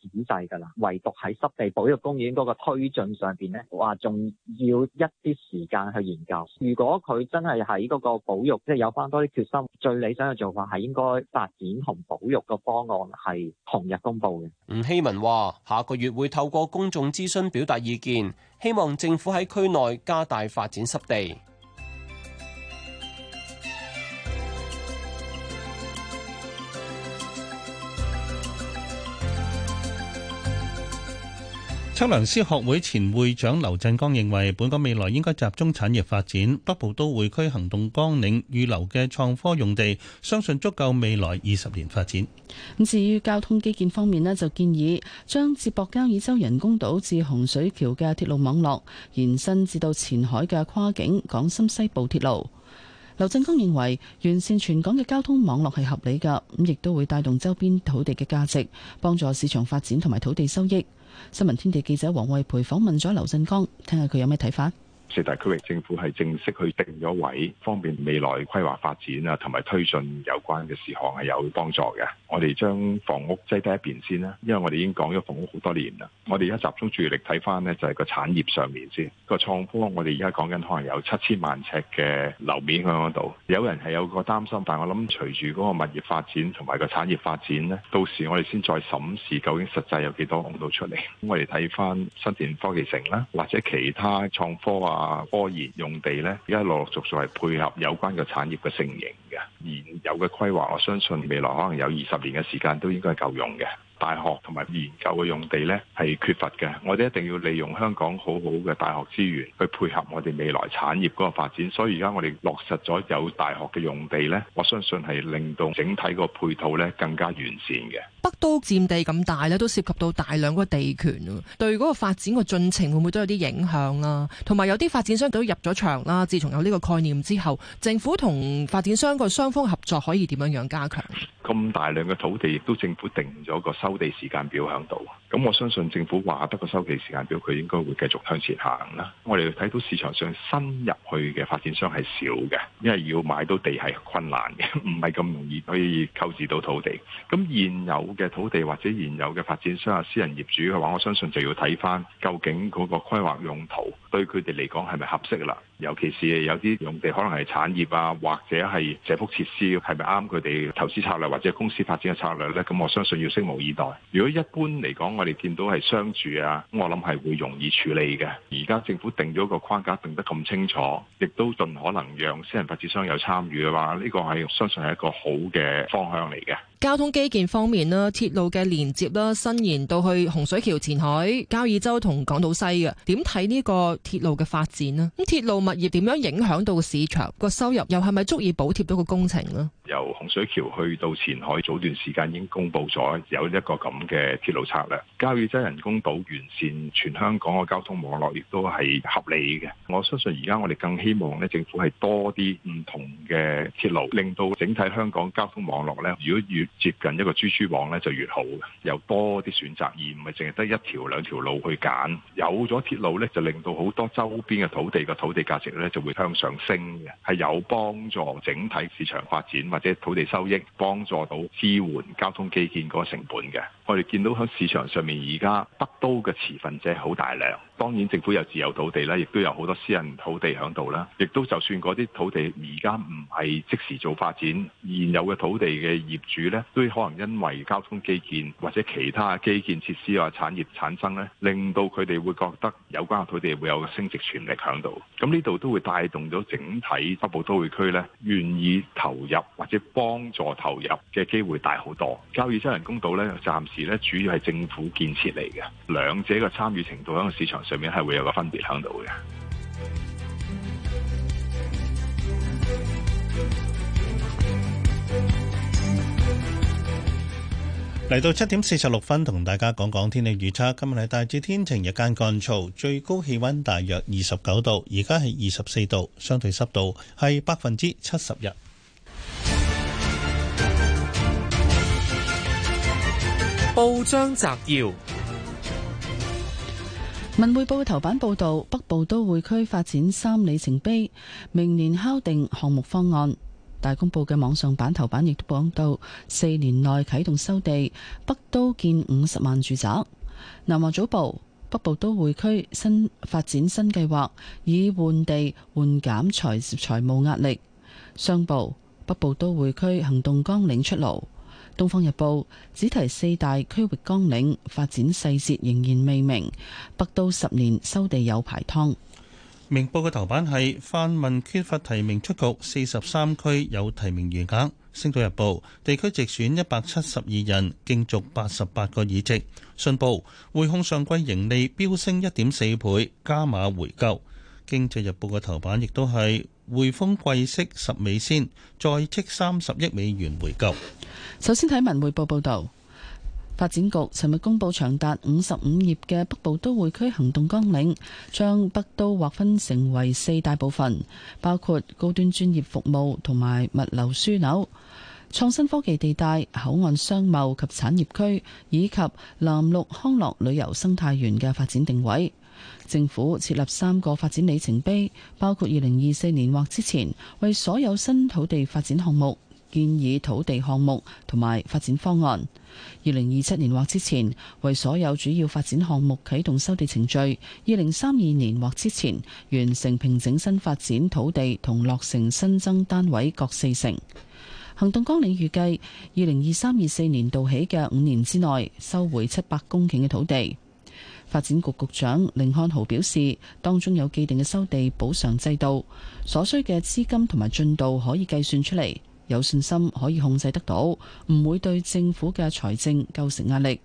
仔細噶啦。唯獨喺濕地保育公園嗰個推進上邊咧，話仲要一啲時間去研究。如果佢真係喺嗰個保育，即係有翻多啲決心，最理想嘅做法係應該發展同保育個方案係同日公布嘅。吳希文話，下個月會透過公眾諮詢表達意見，希望政府喺區內加大發展濕地。測量師學會前會長劉振江認為，本港未來應該集中產業發展，北部都會區行動綱領預留嘅創科用地，相信足夠未來二十年發展。咁至於交通基建方面呢，就建議將接駁交椅洲人工島至洪水橋嘅鐵路網絡延伸至到前海嘅跨境港深西部鐵路。劉振江認為，完善全港嘅交通網絡係合理噶，咁亦都會帶動周邊土地嘅價值，幫助市場發展同埋土地收益。新聞天地記者王慧培訪問咗劉振剛，聽下佢有咩睇法。四大區域政府係正式去定咗位，方便未來規劃發展啊，同埋推進有關嘅事項係有幫助嘅。我哋將房屋擠低一邊先啦，因為我哋已經講咗房屋好多年啦。我哋而家集中注意力睇翻呢，就係個產業上面先，個創科。我哋而家講緊可能有七千萬尺嘅樓面喺嗰度，有人係有個擔心，但係我諗隨住嗰個物業發展同埋個產業發展呢，到時我哋先再審視究竟實際有幾多攬到出嚟。咁我哋睇翻新田科技城啦，或者其他創科啊。啊！科研用地咧，而家陸陸續續係配合有關嘅產業嘅成型嘅現有嘅規劃，我相信未來可能有二十年嘅時間都應該係夠用嘅。大學同埋研究嘅用地咧係缺乏嘅，我哋一定要利用香港好好嘅大學資源去配合我哋未來產業嗰個發展。所以而家我哋落實咗有大學嘅用地咧，我相信係令到整體個配套咧更加完善嘅。北都佔地咁大咧，都涉及到大量個地權，對嗰個發展個進程會唔會都有啲影響啊？同埋有啲發展商都入咗場啦。自從有呢個概念之後，政府同發展商個雙方合作可以點樣樣加強？咁大量嘅土地亦都政府定咗個收地時間表喺度，咁我相信政府話得個收地時間表，佢應該會繼續向前行啦。我哋睇到市場上新入去嘅發展商係少嘅，因為要買到地係困難嘅，唔係咁容易可以購置到土地。咁現有嘅土地或者現有嘅發展商啊、私人業主嘅話，我相信就要睇翻究竟嗰個規劃用途對佢哋嚟講係咪合適啦。尤其是有啲用地可能係產業啊，或者係社福設施，係咪啱佢哋投資策略或者公司發展嘅策略咧？咁我相信要拭目以待。如果一般嚟講，我哋見到係商住啊，我諗係會容易處理嘅。而家政府定咗個框架，定得咁清楚，亦都盡可能讓私人發展商有參與嘅話，呢、這個係相信係一個好嘅方向嚟嘅。交通基建方面啦，鐵路嘅連接啦，伸延到去洪水橋、前海、交椅洲同港島西嘅，點睇呢個鐵路嘅發展呢？咁鐵路物業點樣影響到市場個收入，又係咪足以補貼到個工程呢？由洪水橋去到前海，早段時間已經公布咗有一個咁嘅鐵路策略，交椅洲人工島完善全香港嘅交通網絡，亦都係合理嘅。我相信而家我哋更希望咧，政府係多啲唔同嘅鐵路，令到整體香港交通網絡咧，如果越接近一個蜘蛛網咧就越好嘅，有多啲選擇，而唔係淨係得一條兩條路去揀。有咗鐵路咧，就令到好多周邊嘅土地嘅土地價值咧就會向上升嘅，係有幫助整體市場發展或者土地收益，幫助到支援交通基建嗰個成本嘅。我哋見到喺市場上面而家北都嘅持份者好大量。當然政府有自有土地咧，亦都有好多私人土地喺度啦。亦都就算嗰啲土地而家唔係即時做發展，現有嘅土地嘅業主呢，都可能因為交通基建或者其他基建設施或產業產生呢，令到佢哋會覺得有關土地會有升值潛力喺度。咁呢度都會帶動咗整體北部都會區呢，願意投入或者幫助投入嘅機會大好多。交椅洲人工島呢，暫時呢主要係政府建設嚟嘅，兩者嘅參與程度喺個市場上面係會有個分別喺度嘅。嚟到七點四十六分，同大家講講天氣預測。今日係大致天晴，日間乾燥，最高氣溫大約二十九度，而家係二十四度，相對濕度係百分之七十一。報章摘要。文匯報嘅頭版報道北部都會區發展三里程碑，明年敲定項目方案。大公報嘅網上版頭版亦都報道，四年內啟動收地，北都建五十萬住宅。南華早報，北部都會區新發展新計劃，以換地換減財財務壓力。商報，北部都會區行動綱領出爐。《東方日報》只提四大區域綱領發展細節仍然未明，北到十年收地有排湯。《明報》嘅頭版係泛民缺乏提名出局，四十三區有提名餘額。《星島日報》地區直選一百七十二人競逐八十八個議席。《信報》匯控上季盈利飆升一點四倍，加碼回購。《經濟日報》嘅頭版亦都係。匯豐季息十美仙，再斥三十億美元回購。首先睇文匯報報道，發展局尋日公布長達五十五頁嘅北部都會區行動綱領，將北都劃分成為四大部分，包括高端專業服務同埋物流樞紐、創新科技地帶、口岸商貿及產業區，以及藍綠康樂旅遊生態園嘅發展定位。政府設立三個發展里程碑，包括二零二四年或之前為所有新土地發展項目建議土地項目同埋發展方案；二零二七年或之前為所有主要發展項目啟動收地程序；二零三二年或之前完成平整新發展土地同落成新增單位各四成。行動綱領預計二零二三、二四年度起嘅五年之內收回七百公頃嘅土地。發展局局長甯漢豪表示，當中有既定嘅收地補償制度，所需嘅資金同埋進度可以計算出嚟，有信心可以控制得到，唔會對政府嘅財政構成壓力。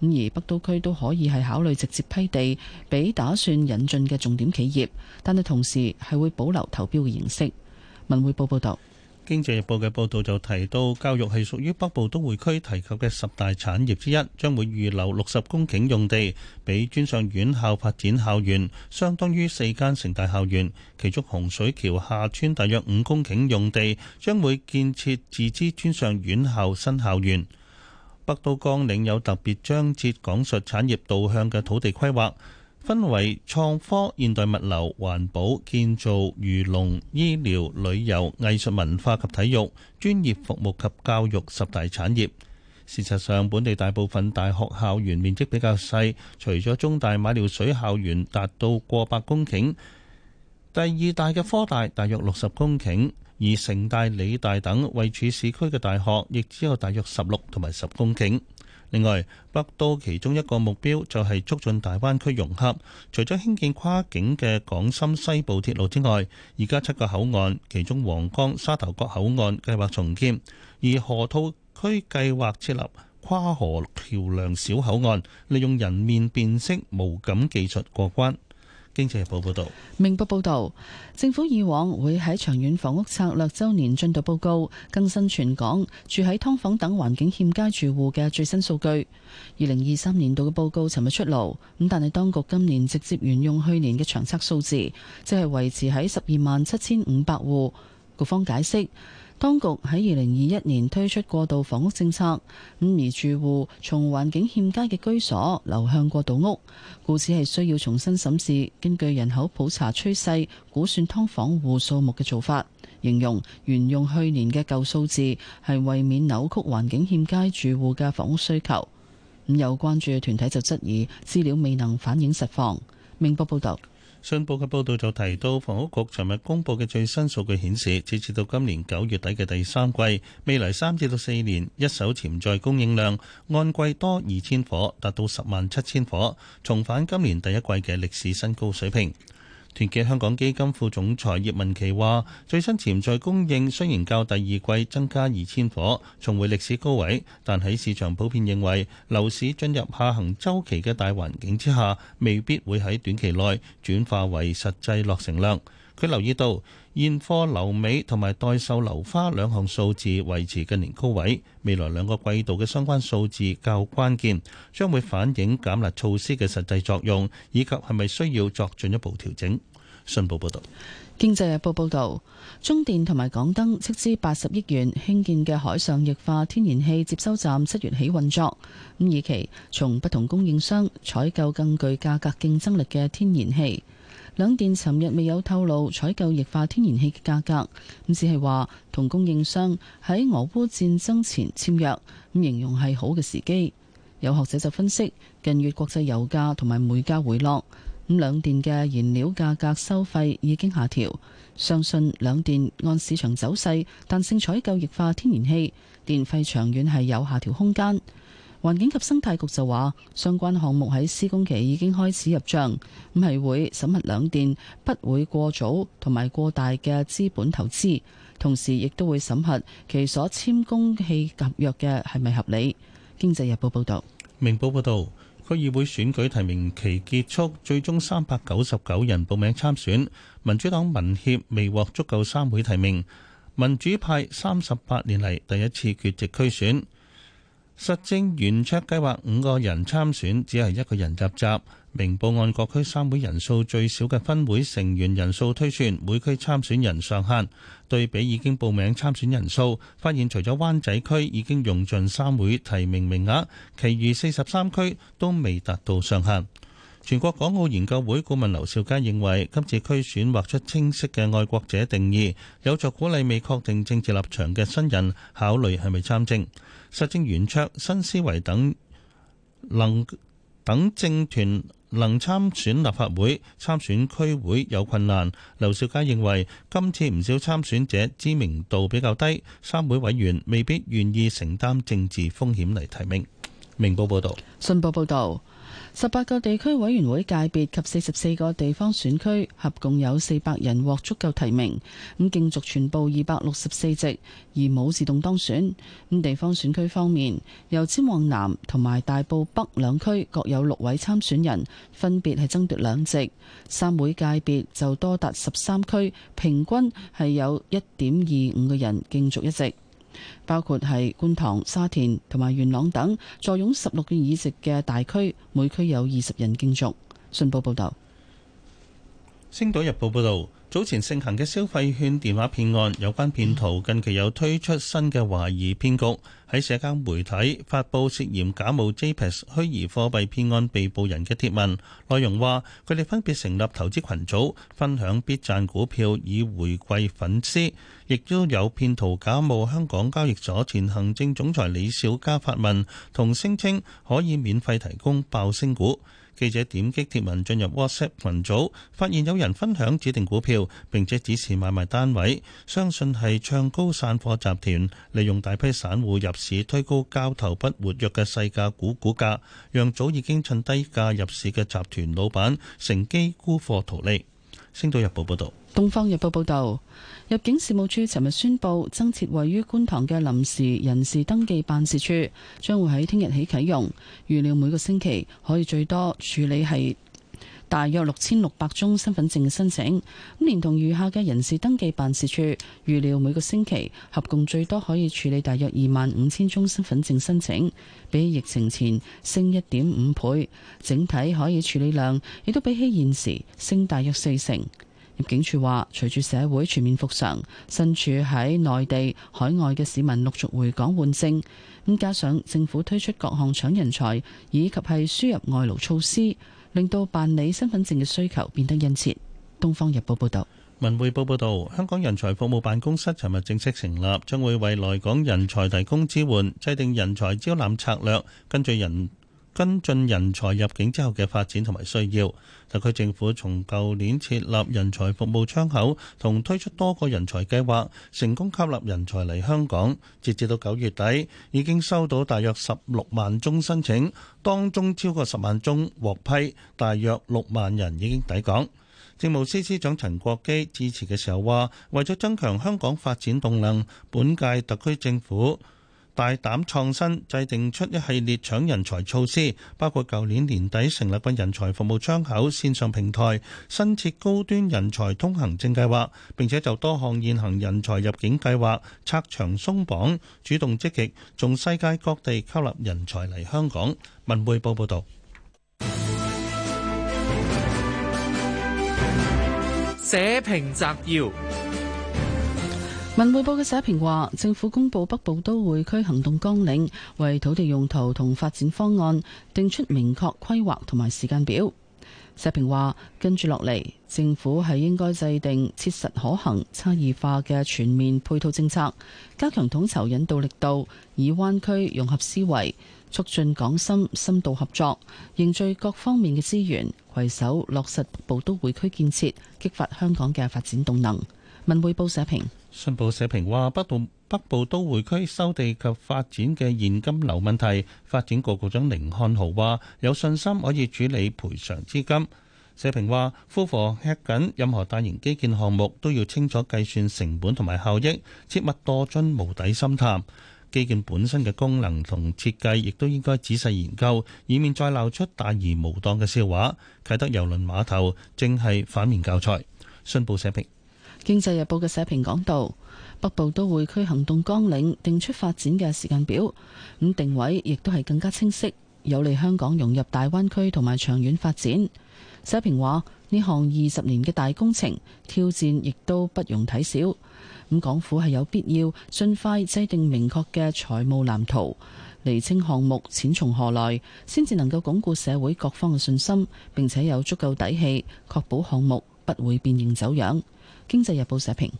咁而北都區都可以係考慮直接批地俾打算引進嘅重點企業，但係同時係會保留投標嘅形式。文匯報報道。《經濟日報》嘅報導就提到，教育係屬於北部都會區提及嘅十大產業之一，將會預留六十公頃用地俾專上院校發展校園，相當於四間城大校園。其中，洪水橋廈村大約五公頃用地將會建設自資專上院校新校園。北都綱領有特別章節講述產業導向嘅土地規劃。分為創科、現代物流、環保、建造、漁農、醫療、旅遊、藝術文化及體育、專業服務及教育十大產業。事實上，本地大部分大學校園面積比較細，除咗中大馬料水校園達到過百公頃，第二大嘅科大大約六十公頃，而城大、理大等位處市區嘅大學，亦只有大約十六同埋十公頃。另外，北都其中一個目標就係促進大灣區融合，除咗興建跨境嘅港深西部鐵路之外，而家七個口岸其中皇崗沙頭角口岸計劃重建，而河套區計劃設立跨河橋梁小口岸，利用人面辨識無感技術過關。經濟日報報道，明報報道，政府以往會喺長遠房屋策略周年進度報告更新全港住喺劏房等環境欠佳住戶嘅最新數據。二零二三年度嘅報告尋日出爐，咁但係當局今年直接沿用去年嘅長策數字，即係維持喺十二萬七千五百戶。局方解釋。當局喺二零二一年推出過渡房屋政策，咁而住戶從環境欠佳嘅居所流向過渡屋，故此係需要重新審視根據人口普查趨勢估算劏房戶數目嘅做法。形容沿用去年嘅舊數字係為免扭曲環境欠佳住戶嘅房屋需求。咁有關注團體就質疑資料未能反映實況，明報報道。信報嘅報道就提到，房屋局尋日公佈嘅最新數據顯示，截至到今年九月底嘅第三季，未來三至到四年一手潛在供應量按季多二千夥，達到十萬七千夥，重返今年第一季嘅歷史新高水平。團結香港基金副總裁葉文琪話：最新潛在供應雖然較第二季增加二千夥，重回歷史高位，但喺市場普遍認為，樓市進入下行周期嘅大環境之下，未必會喺短期內轉化為實際落成量。佢留意到，現貨留尾同埋代售樓花兩項數字維持近年高位，未來兩個季度嘅相關數字較關鍵，將會反映減壓措施嘅實際作用，以及係咪需要作進一步調整。信報報導，《經濟日報》報導，中電同埋港燈斥資八十億元興建嘅海上液化天然氣接收站，七月起運作，咁二期從不同供應商採購更具價格競爭力嘅天然氣。兩電尋日未有透露採購液化天然氣嘅價格，咁只係話同供應商喺俄烏戰爭前簽約，約，咁形容係好嘅時機。有學者就分析，近月國際油價同埋煤價回落，咁兩電嘅燃料價格收費已經下調，相信兩電按市場走勢彈性採購液化天然氣，電費長遠係有下調空間。環境及生態局就話，相關項目喺施工期已經開始入賬，咁係會審核兩電不會過早同埋過大嘅資本投資，同時亦都會審核其所簽供氣合約嘅係咪合理。經濟日報報道，明報報道，區議會選舉提名期結束，最終三百九十九人報名參選，民主黨民協未獲足夠三會提名，民主派三十八年嚟第一次缺席區選。實政圓桌計劃五個人參選，只係一個人入閘，明報按各區三會人數最少嘅分會成員人數推算，每區參選人上限。對比已經報名參選人數，發現除咗灣仔區已經用盡三會提名名額，其餘四十三區都未達到上限。全國港澳研究會顧問劉兆佳認為，今次區選畫出清晰嘅愛國者定義，有助鼓勵未確定政治立場嘅新人考慮係咪參政。實政圓桌、新思維等能，能等政團能參選立法會、參選區會有困難。劉少佳認為今次唔少參選者知名度比較低，三會委員未必願意承擔政治風險嚟提名。明報報導。信報報導。十八個地區委員會界別及四十四個地方選區合共有四百人獲足夠提名，咁競逐全部二百六十四席，而冇自動當選。咁地方選區方面，由尖旺南同埋大埔北兩區各有六位參選人，分別係爭奪兩席。三會界別就多達十三區，平均係有一點二五個人競逐一席。包括係觀塘、沙田同埋元朗等，坐擁十六個議席嘅大區，每區有二十人競逐。信報報道，《星島日報》報道，早前盛行嘅消費券電話騙案，有關騙徒近期有推出新嘅懷疑騙局。喺社交媒體發布涉嫌假冒 JPEX 虛擬貨幣騙案被捕人嘅帖文，內容話佢哋分別成立投資群組，分享必賺股票以回饋粉絲，亦都有騙徒假冒香港交易所前行政總裁李小加發文，同聲稱可以免費提供爆升股。記者點擊貼文進入 WhatsApp 群組，發現有人分享指定股票，並且指示買賣單位。相信係唱高散貨集團利用大批散戶入市推高交投不活躍嘅細價股股價，讓早已經趁低價入市嘅集團老闆乘機沽貨圖利。星島日報報導。《東方日報》報道，入境事務處尋日宣布增設位於觀塘嘅臨時人事登記辦事處，將會喺聽日起啟用。預料每個星期可以最多處理係大約六千六百宗身份證申請。咁連同餘下嘅人事登記辦事處，預料每個星期合共最多可以處理大約二萬五千宗身份證申請，比起疫情前升一點五倍。整體可以處理量亦都比起現時升大約四成。入境處話，隨住社會全面復常，身處喺內地、海外嘅市民陸續回港換證，咁加上政府推出各項搶人才以及係輸入外勞措施，令到辦理身份證嘅需求變得殷切。《東方日報》報道。《文匯報》報道，香港人才服務辦公室尋日正式成立，將會為來港人才提供支援，制定人才招攬策略，根據人。跟進人才入境之後嘅發展同埋需要，特區政府從舊年設立人才服務窗口，同推出多個人才計劃，成功吸納人才嚟香港。截至到九月底，已經收到大約十六萬宗申請，當中超過十萬宗獲批，大約六萬人已經抵港。政務司司長陳國基致辭嘅時候話：為咗增強香港發展動能，本屆特區政府。大膽創新，制定出一系列搶人才措施，包括舊年年底成立嘅人才服務窗口、線上平台，新設高端人才通行證計劃，並且就多項現行人才入境計劃拆牆鬆綁，主動積極從世界各地吸納人才嚟香港。文匯報報導。社評摘要。文匯報嘅社評話，政府公布北部都會區行動綱領，為土地用途同發展方案定出明確規劃同埋時間表。社評話，跟住落嚟，政府係應該制定切實可行、差異化嘅全面配套政策，加強統籌引導力度，以灣區融合思維促進港深深度合作，凝聚各方面嘅資源，攜手落實北部都會區建設，激發香港嘅發展動能。文匯報社評。信報社評話，北部北部都會區收地及發展嘅現金流問題，發展局局長寧漢豪話有信心可以處理賠償資金。社評話：夫婦吃緊，任何大型基建項目都要清楚計算成本同埋效益，切勿多進無底深探。基建本身嘅功能同設計亦都應該仔細研究，以免再鬧出大而無當嘅笑話。啟德郵輪碼頭正係反面教材。信報社評。經濟日報嘅社評講道：北部都會區行動綱領定出發展嘅時間表，咁定位亦都係更加清晰，有利香港融入大灣區同埋長遠發展。社評話，呢項二十年嘅大工程挑戰亦都不容睇小。咁港府係有必要盡快制定明確嘅財務藍圖，釐清項目錢從何來，先至能夠鞏固社會各方嘅信心，並且有足夠底氣確保項目不會變形走樣。《經濟日報》社評：《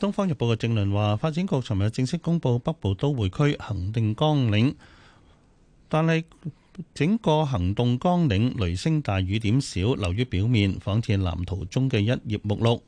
東方日報》嘅正論話，發展局尋日正式公佈北部都會區行動綱領，但係整個行動綱領雷聲大雨點小，流於表面，仿似藍圖中嘅一頁目錄，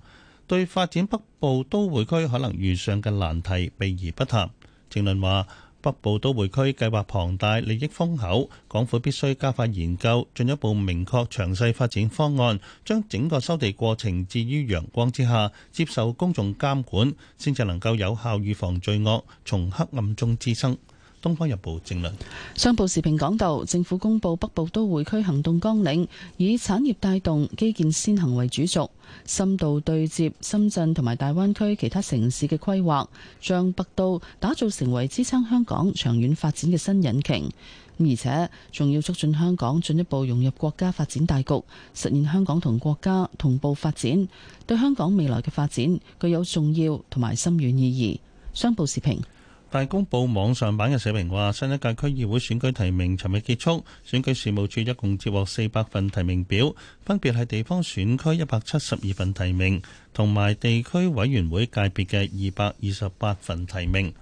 對發展北部都會區可能遇上嘅難題避而不談。正論話。北部都會區計劃龐大，利益豐厚，港府必須加快研究，進一步明確詳細發展方案，將整個收地過程置於陽光之下，接受公眾監管，先至能夠有效預防罪惡從黑暗中滋生。《東方日報》正論，商報時評講到，政府公布北部都會區行動綱領，以產業帶動基建先行為主軸，深度對接深圳同埋大灣區其他城市嘅規劃，將北都打造成為支撐香港長遠發展嘅新引擎。而且仲要促進香港進一步融入國家發展大局，實現香港同國家同步發展，對香港未來嘅發展具有重要同埋深遠意義。商報時評。大公報網上版嘅社評話，新一屆區議會選舉提名尋日結束，選舉事務處一共接獲四百份提名表，分別係地方選區一百七十二份提名，同埋地區委員會界別嘅二百二十八份提名。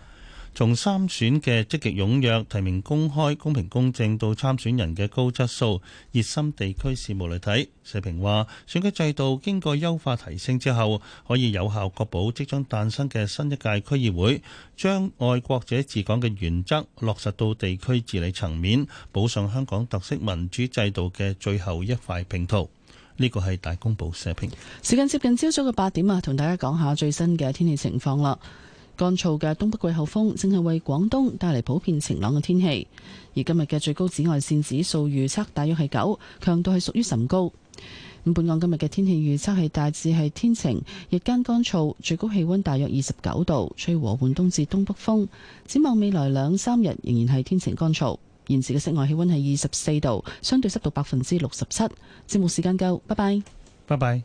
從參選嘅積極踴躍提名、公開公平公正到參選人嘅高質素、熱心地區事務嚟睇，社評話選舉制度經過優化提升之後，可以有效確保即將誕生嘅新一屆區議會將愛國者治港嘅原則落實到地區治理層面，補上香港特色民主制度嘅最後一塊拼圖。呢個係大公報社評。時間接近朝早嘅八點呀，同大家講下最新嘅天氣情況喇。乾燥嘅東北季候風正係為廣東帶嚟普遍晴朗嘅天氣，而今日嘅最高紫外線指數預測大約係九，強度係屬於甚高。咁，本港今日嘅天氣預測係大致係天晴，日間乾燥，最高氣溫大約二十九度，吹和緩東至東北風。展望未來兩三日仍然係天晴乾燥。現時嘅室外氣溫係二十四度，相對濕度百分之六十七。節目時間夠，拜拜。拜拜。